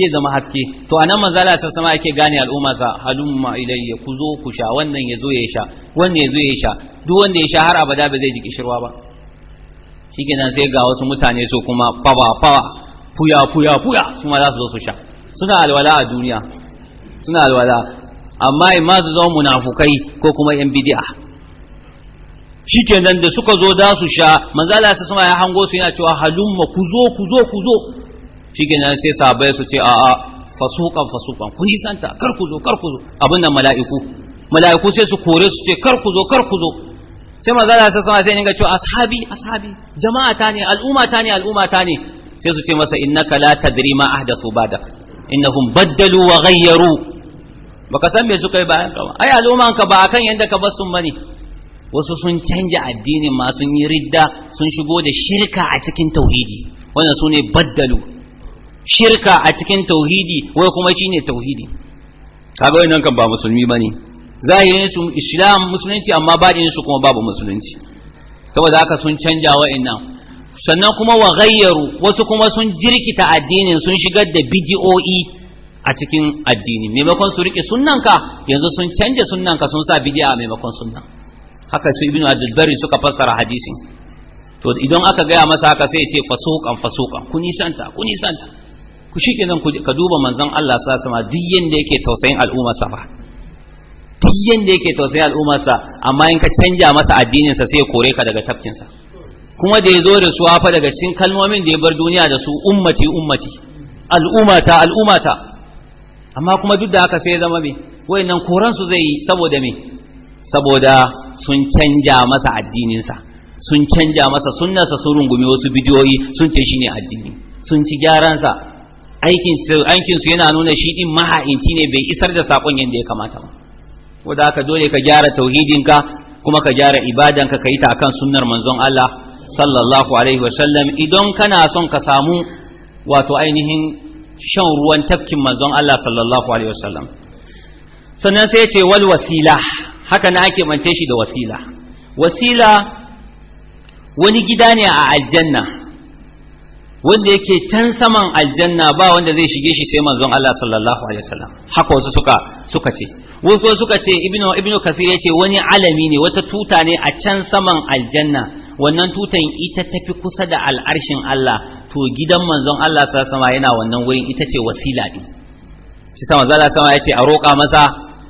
ke zama haske to anan manzo Allah sallallahu sama yake gane al'umma sa halumma ilayya ku zo ku sha wannan yazo ya sha wannan yazo ya sha duk wanda ya sha har abada ba zai ji kishirwa ba shikenan sai ga wasu mutane so kuma fawa fawa fuya fuya fuya su ma za su zo su sha suna alwala a duniya suna alwala amma in ma su zama munafukai ko kuma yan bid'a shikenan da suka zo da su sha manzo Allah sallallahu ya hango su yana cewa halumma ku zo ku zo ku zo shikenan sai sabai su ce a'a fasuqan fasuqan ku nisanta kar ku zo kar ku zo abin nan mala'iku mala'iku sai su kore su ce kar ku zo kar ku zo sai manzala sai sama sai dinga cewa ashabi ashabi jama'a ta ne al'umma ta ne al'umma ta ne sai su ce masa innaka la tadri ma ahdathu badak innahum baddalu wa ghayyaru baka san me suka yi bayan ka ba ai al'umman ka ba akan yanda ka bar sun bane wasu sun canja addinin ma sun yi ridda sun shigo da shirka a cikin tauhidi wannan ne baddalu shirka a cikin tauhidi wai kuma shine tauhidi kaga wannan kan ba musulmi bane zahirin su islam musulunci amma badin su kuma babu musulunci saboda haka sun canja wa'annan sannan kuma wa ghayyaru wasu kuma sun jirkita addinin sun shigar da bidiyo'i a cikin addini maimakon su rike sunnanka yanzu sun canja sunnanka sun sa a maimakon sunna haka su ibnu abdul suka fassara hadisin to idan aka gaya masa haka sai ya ce fasuqan fasuqan ku santa ku santa. ku shi kenan ka duba manzon Allah sa sama duk yanda yake tausayin al'umma sa fa duk yanda yake tausayin al'umma sa amma in ka canja masa addinin sa sai ya kore ka daga tafkin sa kuma da ya zo da su fa daga cikin kalmomin da ya bar duniya da su ummati ummati al'ummata al'ummata amma kuma duk da haka sai ya zama me wayannan koran su zai yi saboda me saboda sun canja masa addinin sa sun canja masa sunnarsa sun rungumi wasu bidiyoyi sun ce shine addini sun ci gyaran sa. aikinsu yana nuna shi ɗin maha'inci ne bai isar da saƙon yadda ya kamata ba wanda haka dole ka gyara tauhidinka kuma ka gyara ibadanka ka yi ta akan sunnar manzon Allah sallallahu alaihi wa sallam idan kana son ka samu wato ainihin shan ruwan tafkin manzon Allah sallallahu alaihi wa sallam sannan sai ya ce wal wasila haka na ake mance shi da wasila wasila wani gida ne a aljanna wanda yake can saman aljanna ba wanda zai shige shi sai manzon Allah sallallahu alaihi wasallam haka wasu suka suka ce wasu suka ce ibnu ibnu kasir yace wani alami ne wata tuta ne a can saman aljanna wannan tutan ita tafi kusa da al'arshin Allah to gidan manzon Allah sallallahu alaihi wasallam yana wannan wurin ita ce wasila din shi sama zalla sama yace a roƙa masa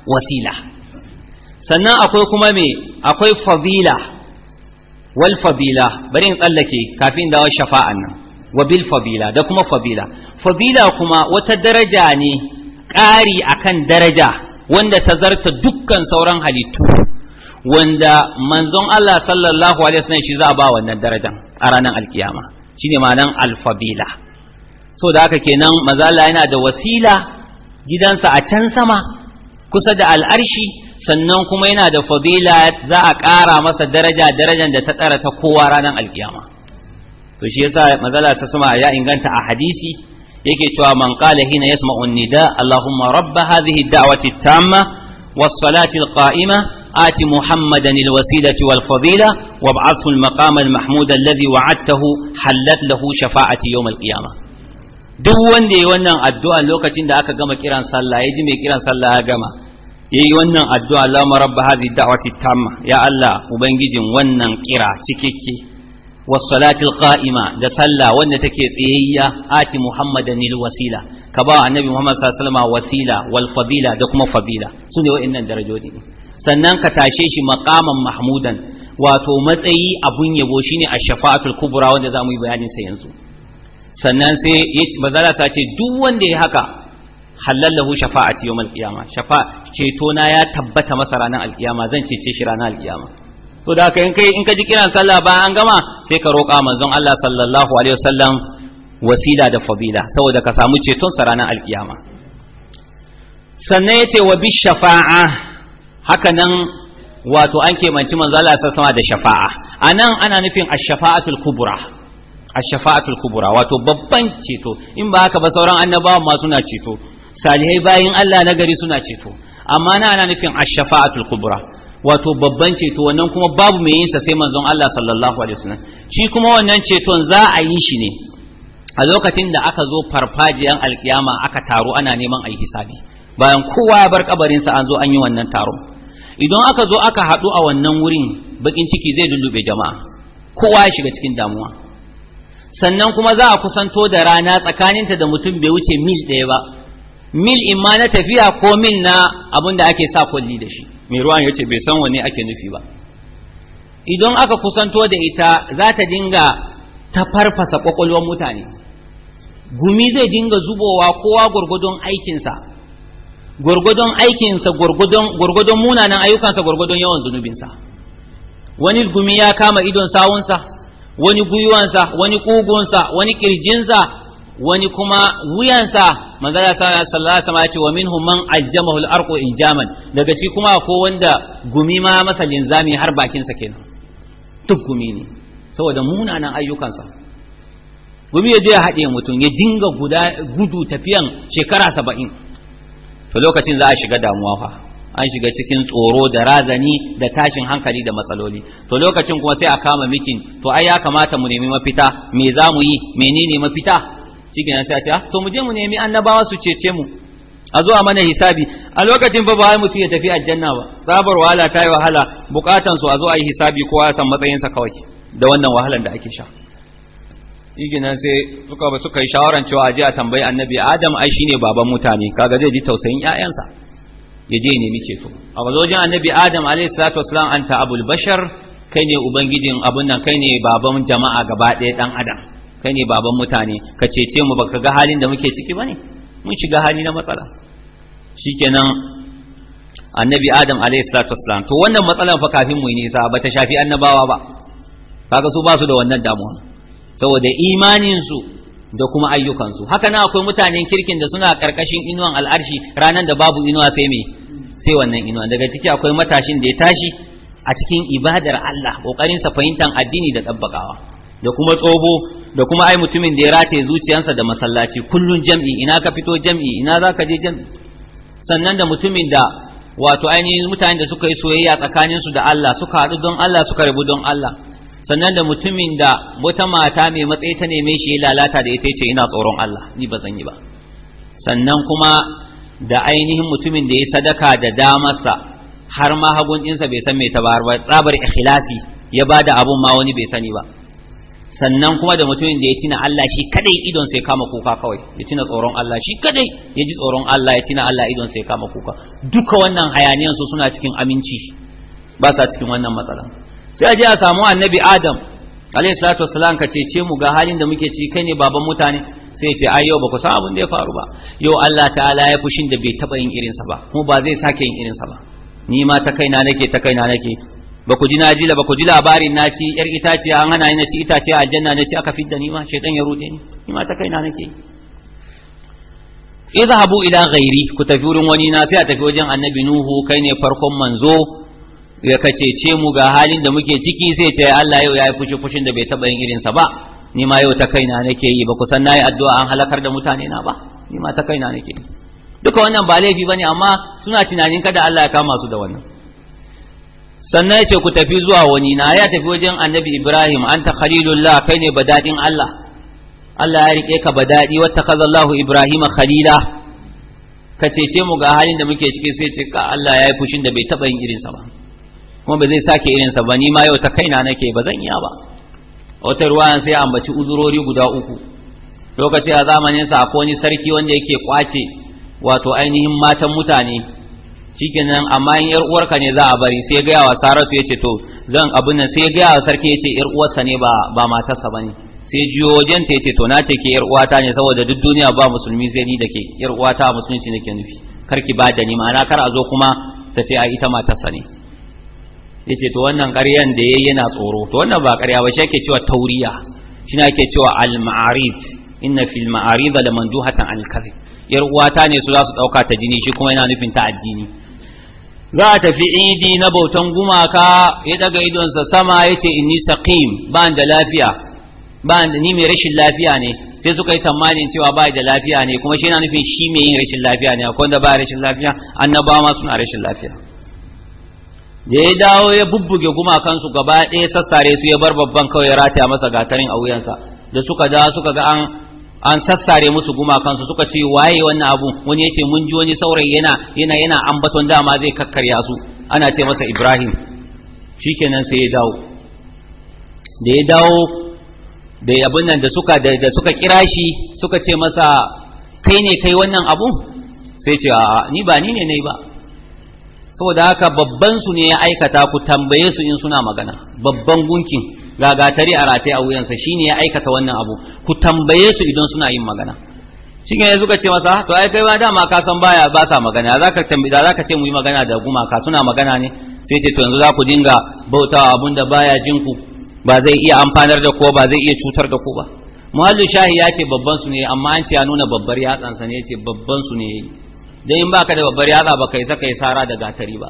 wasila sannan akwai kuma me akwai fadila wal fadila bari in tsallake kafin dawo shafa'an nan wa bil fadila da kuma fabila fabila kuma wata daraja ne ƙari akan daraja wanda ta zarta dukkan sauran halittu wanda manzon Allah sallallahu alaihi wasallam shi za a ba wannan darajan a ranar alkiyama shine ma'anan alfabila so da haka kenan mazala yana da wasila gidansa a can sama kusa da al'arshi sannan kuma yana da fabila za a ƙara masa daraja darajan da ta tsara ta kowa ranar alkiyama to shi yasa magana sa sama ya inganta a hadisi yake cewa man qala hina yasma'u nida Allahumma rabb hadhihi ad-da'wati at-tamma was-salati al-qa'ima آت محمدا الوسيلة والفضيلة وابعثه المقام المحمود الذي وعدته حلت له شفاعة يوم القيامة duk wanda ya yi wannan addu'a lokacin da aka gama kiran sallah ya mai kiran sallah ya gama ya yi wannan addu'a lamar rabba hazi da'awati tamma ya Allah Ubangijin wannan kira cikakke والصلاة القائمة ده صلى وان تكي آتي محمد الوسيلة كبا النبي محمد صلى الله عليه وسلم وسيلة والفضيلة دكما فضيلة سنوا إن الدرجة دي sannan ka tashe shi maƙaman mahmudan wato matsayi abun yabo shi ne a shafa'atul kubura wanda za mu yi bayanin sa yanzu sannan sai ya ce bazala sa ce duk wanda ya haka halallahu shafa'ati yawmal qiyama shafa ceto na ya tabbata masa ranar alqiyama zan cece shi ranar alqiyama so da haka in kai in ka ji kiran sallah bayan an gama sai ka roƙa manzon Allah sallallahu alaihi wasallam wasila da fadila saboda ka samu ceton sa ranar alkiyama sannan yace wa bi shafa'a haka nan wato an kemanci manzon Allah sallallahu da shafa'a anan ana nufin ash-shafa'atul kubra ash-shafa'atul kubra wato babban ceto in ba haka ba sauran annabawa ma suna ceto salihai bayin Allah na gari suna ceto amma na ana nufin ash-shafa'atul kubra wato babban ceto wannan kuma babu mai yinsa sai manzon Allah sallallahu alaihi wasallam shi kuma wannan ceton za a yi shi ne a lokacin da aka zo farfajiyan alkiyama aka taro ana neman a yi hisabi bayan kowa ya bar sa an zo an yi wannan taro idan aka zo aka haɗu a wannan wurin bakin ciki zai dullube jama'a kowa ya shiga cikin damuwa sannan kuma za a kusanto da rana tsakaninta da mutum bai wuce mil ɗaya ba mil imma na tafiya ko mil na abin da ake sa kwalli da shi mai ruwan ya ce bai san wanne ake nufi ba idan aka kusanto da ita za ta dinga ta farfasa kwakwalwar mutane gumi zai dinga zubowa kowa gwargwadon aikinsa gwargwadon aikinsa gwargwadon munanan ayyukansa gwargwadon yawan zunubinsa wani gumi ya kama idon sawunsa wani gwiwansa wani ƙugunsa wani ƙirjinsa wani kuma wuyansa manzo ya sallallahu alaihi wasallam ya ce wa minhum man ajjamahu al-arqu ijaman daga ci kuma ko wanda gumi ma masa linzami har bakin sa kenan duk gumi ne saboda munanan ayyukansa gumi ya je ya haɗe mutum ya dinga gudu tafiyan shekara saba'in to lokacin za a shiga damuwa fa an shiga cikin tsoro da razani da tashin hankali da matsaloli to lokacin kuma sai a kama mitin to ai ya kamata mu nemi mafita me za mu yi menene mafita cikin sai a ce ah to mu je mu nemi annabawa su cece mu a zuwa mana hisabi a lokacin fa ba mutum ya tafi aljanna ba sabar wahala ta yi wahala bukatan su a zo a yi hisabi kowa ya san matsayinsa kawai da wannan wahalan da ake sha iginan sai suka ba suka yi shawaran cewa a je a tambayi annabi adam ai shine baban mutane kaga zai ji tausayin ƴaƴansa ya je ya nemi ceto a wajen annabi adam alayhi salatu wassalam anta abul bashar kai ne ubangijin abun nan kai ne baban jama'a gaba ɗaya dan adam kai ne baban mutane ka cece mu baka ga halin da muke ciki bane mun shiga hali na matsala shikenan annabi adam alayhi salatu wasalam to wannan matsalan fa kafin mu nisa ba ta shafi annabawa ba kaga su ba da wannan damuwa saboda imanin su da kuma ayyukan su haka nan akwai mutanen kirkin da suna karkashin inuwan al'arshi ranan da babu inuwa sai me sai wannan inuwa daga ciki akwai matashin da ya tashi a cikin ibadar Allah kokarin sa fahimtar addini da dabbakawa da kuma tsoho da kuma ai mutumin da ya rataye zuciyarsa da masallaci kullun jam'i ina ka fito jam'i ina za ka je jam'i sannan da mutumin da wato ainihin mutanen da suka yi soyayya tsakanin su da Allah suka haɗu don Allah suka rabu don Allah sannan da mutumin da wata mata mai matsayi ta neme shi lalata da ita ce ina tsoron Allah ni ba zan yi ba sannan kuma da ainihin mutumin da ya sadaka da damarsa har ma hagun ɗinsa bai san mai tabar ba tsabar ikhlasi ya bada abun ma wani bai sani ba sannan kuma da mutumin da ya tina Allah shi kadai idon sai kama kuka kawai ya tina tsoron Allah shi kadai ya ji tsoron Allah ya tina Allah idon sai kama kuka duka wannan hayaniyan su suna cikin aminci ba sa cikin wannan matsala sai a je a samu annabi Adam alayhi salatu wassalam ka ce ce mu ga halin da muke ci kai ne baban mutane sai ce ai yau ba ku san abin da ya faru ba yau Allah ta'ala ya fushin da bai taba yin irinsa ba kuma ba zai sake yin irinsa ba ni ma ta kaina nake ta kaina nake ba ku ji na ji ba ku ji labarin na ci yar itace an hana na ci itace aljanna na ci aka fidda ni ma shaytan ya rude ni ni ma ta kaina nake idhabu ila ghairi ku tafi wurin wani na sai a tafi wajen annabi nuhu kai ne farkon manzo ya kace ce mu ga halin da muke ciki sai ce Allah yau yayi fushi fushin da bai taba yin irin sa ba ni ma yau ta kaina nake yi ba ku san nayi addu'a an halakar da mutane na ba ni ma ta kaina nake yi duka wannan ba laifi bane amma suna tunanin kada Allah ya kama su da wannan sannan ya ce ku tafi zuwa wani na ya tafi wajen annabi ibrahim an ta khalilullah kai ne badadin allah allah ya rike ka badadi wata kazallahu ibrahim khalila ka cece mu ga halin da muke ciki sai ce ka allah ya yi fushin da bai taba yin irinsa ba kuma ba zai sake irinsa ba ni ma yau ta kaina nake ba zan iya ba wata ruwa sai ambaci uzurori guda uku lokaci a zamanin sa akwai wani sarki wanda yake kwace wato ainihin matan mutane shikenan amma in yar uwarka ne za a bari sai ga yawa saratu yace to zan abin nan sai ga yawa sarki yace yar uwarsa ne ba ba matarsa bane sai jiyo wajen ta yace to na ce ke yar uwata ne saboda duk duniya ba musulmi sai ni dake yar uwata musulunci nake nufi kar ki da ni ma'ana kar a zo kuma ta ce ai ita matarsa ne yace to wannan ƙaryan da yayi yana tsoro to wannan ba ƙarya ba shi ake cewa tauriya shi ne ake cewa al-ma'arid inna fil ma'arid la manduhatan al-kadhib yar uwata ne su za su dauka ta jini shi kuma yana nufin ta addini za a tafi idi na bautan gumaka ya daga idonsa sama ya ce inni saqim ba da lafiya ba da ni mai rashin lafiya ne sai suka yi tamanin cewa ba da lafiya ne kuma shi na nufin shi mai yin rashin lafiya ne akwai da ba rashin lafiya annabawa ma suna rashin lafiya da ya dawo ya bubbuge gumakansu gaba ɗaya sassare su ya bar babban kawai ya rataya masa gatarin a wuyansa da suka dawa suka ga an an sassare musu gumakansu suka ce waye wannan abu wani yace mun ji wani saurayi yana yana yana ambaton dama zai kakkarya su ana ce masa Ibrahim shikenan sai ya dawo da ya dawo da abin nan da suka da, suka kira shi suka ce masa kai ne kai wannan abu sai ce a ni ba ni ne nayi ba saboda haka babban su ne ya aikata ku tambaye su in suna magana babban gunkin gagatari a rataye a wuyansa shine ya aikata wannan abu ku tambaye su idan suna yin magana shine ya suka ce masa to ai kai ba dama ka san baya ba sa magana zaka tambaye zaka ce mu yi magana da gumaka suna magana ne sai ce to yanzu za ku dinga bautawa abunda baya jin ku ba zai iya amfanar da ko ba zai iya cutar da ku ba muhallu shahi ya ce babban su ne amma an ce ya nuna babbar yatsansa ne ya ce babban su ne yayi da in baka da babbar yatsa baka saka kai sara da gatari ba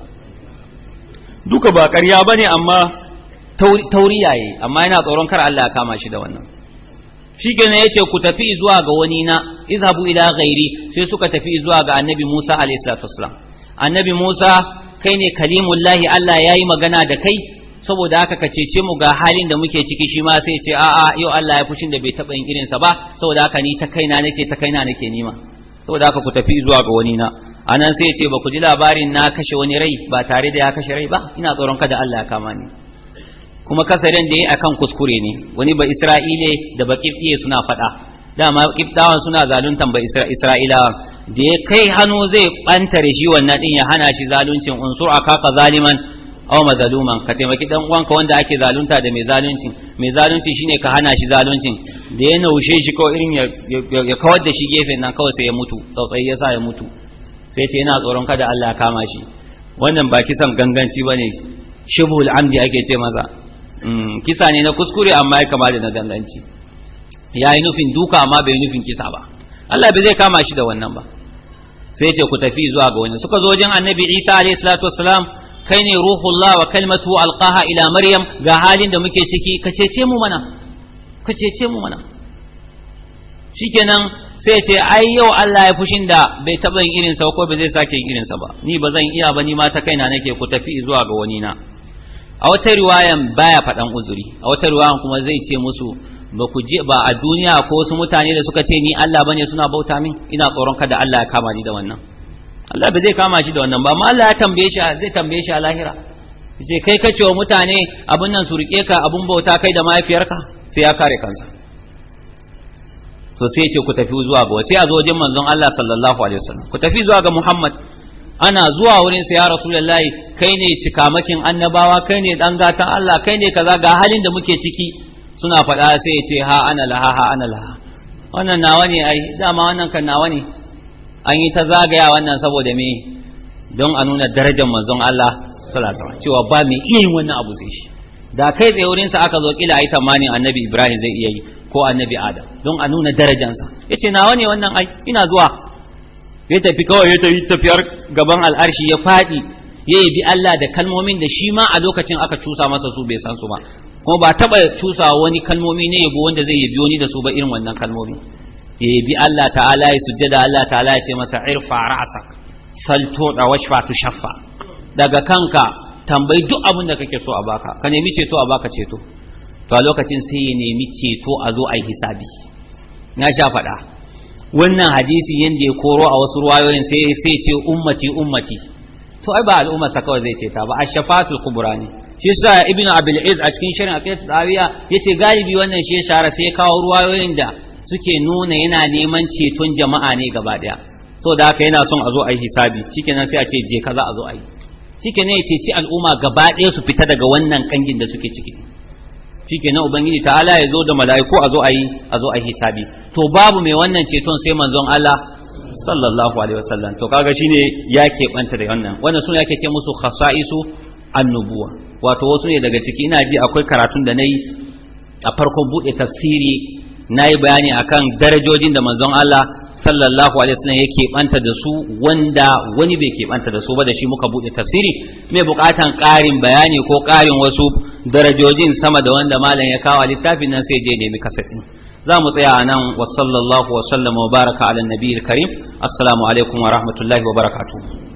duka ba ƙarya bane amma tauriya yi amma yana tsoron kar Allah ya kama shi da wannan shikenan ce ku tafi zuwa ga wani na izhabu ila ghairi sai suka tafi zuwa ga annabi Musa alayhi salatu wasalam annabi Musa kai ne kalimullahi Allah ya yi magana da kai saboda haka ka cece mu ga halin da muke ciki shi ma sai ce a'a yau Allah ya fushin da bai taɓa yin irinsa ba saboda haka ni ta kaina nake ta kaina nake nima saboda haka ku tafi zuwa ga wani na anan sai ya ce ba ku ji labarin na kashe wani rai ba tare da ya kashe rai ba ina tsoron kada Allah ya kama ni kuma kasarin da ya akan kuskure ne wani ba Isra'ile da ba kiftiye suna faɗa dama kiftawan suna zaluntan ba Isra'ila da ya kai hannu zai bantare shi wannan din ya hana shi zaluncin unsur ka zaliman aw mazluman ka taimaki dan uwanka wanda ake zalunta da mai zalunci mai zalunci shine ka hana shi zaluncin da ya naushe shi ko irin ya kawar da shi gefen nan kawai sai ya mutu tsautsayi sa ya mutu sai ce yana tsoron kada Allah ya kama shi wannan ba kisan ganganci bane shibhul amdi ake ce maza mm, kisa ne na kuskure amma ya kama da na ganganci ya yi nufin duka amma bai nufin kisa ba Allah bai zai kama shi da wannan ba sai ce ku tafi zuwa ga wani suka zo wajen annabi Isa alayhi salatu wassalam kai ne ruhullah wa kalmatu alqaha ila maryam ga halin da muke ciki ka cece mu mana ka cece mu mana shikenan sai ce ai yau Allah ya fushin da bai taba yin irinsa ko bai zai sake yin irinsa ba ni ba zan iya ba ni ma ta kaina nake ku tafi zuwa ga wani na a wata riwayan baya faɗan uzuri a wata riwayan kuma zai ce musu ba ku je ba a duniya ko wasu mutane da suka ce ni Allah bane suna bauta min ina tsoron kada Allah ya kama ni da wannan Allah ba zai kama shi da wannan ba amma Allah ya tambaye shi zai tambaye shi a lahira yace kai ka ce wa mutane abun nan su rike ka abun bauta kai da mahaifiyarka sai ya kare kansa to sai ce ku tafi zuwa ga sai a zo wajen manzon Allah sallallahu alaihi wasallam ku tafi zuwa ga Muhammad ana zuwa wurin sa ya rasulullahi kai ne cikamakin annabawa kai ne dan gatan Allah kai ne kaza ga halin da muke ciki suna faɗa sai ya ce ha ana laha ha ana laha wannan nawa ne ai dama wannan kan nawa ne an yi ta zagaya wannan saboda me don a nuna darajar manzon Allah sallallahu alaihi cewa ba mai iya yin wannan abu sai shi da kai tsaye wurinsa aka zo kila ai tamanin annabi Ibrahim zai iya yi ko annabi Adam don a nuna darajansa yace nawa ne wannan ai ina zuwa ya tafi kawai ya tafi tafiyar gaban al'arshi ya fadi ya bi Allah da kalmomin da shi ma a lokacin aka cusa masa su bai san su ba kuma ba taba cusa wani kalmomi ne yabo wanda zai yabi wani da su ba irin wannan kalmomi ya bi Allah ta'ala ya sujjada Allah ta'ala ya ce masa irfa ra'sak salto da washfa tu shaffa daga kanka tambayi duk abin da kake so a baka ka nemi ceto a baka ceto to a lokacin sai ya nemi ceto a zo a yi hisabi na sha faɗa wannan hadisi yadda ya koro a wasu ruwayoyin sai sai ce ummati ummati to ai ba al'umma sa kawai zai ceta ba ash-shafaatul kubra ne shi sa ibnu abul iz a cikin shirin aqidat al-awiya yace galibi wannan shi ya shara sai ya kawo ruwayoyin da suke nuna yana neman ceton jama'a ne gaba daya so da haka yana son a zo a yi hisabi nan sai a ce je kaza a zo a yi ne ya ceci al'umma gaba daya su fita daga wannan kangin da suke ciki shikenan ubangiji ta'ala ya zo da mala'iku a zo a yi a zo a yi hisabi to babu mai wannan ceton sai manzon Allah sallallahu alaihi wasallam to kaga shine ya keɓanta da wannan wannan sune yake ce musu khasa'isu annubuwa wato wasu ne daga ciki ina ji akwai karatun da nayi a farkon bude tafsiri na yi bayani akan darajojin da manzon Allah sallallahu alaihi wasallam ya keɓanta da su wanda wani bai keɓanta da su ba da shi muka buɗe tafsiri mai buƙatan ƙarin bayani ko ƙarin wasu darajojin sama da wanda malam ya kawo littafin nan sai je nemi kasafin za mu tsaya a nan wa sallallahu wa sallama wa baraka ala nabiyil karim assalamu alaikum wa rahmatullahi wa barakatuh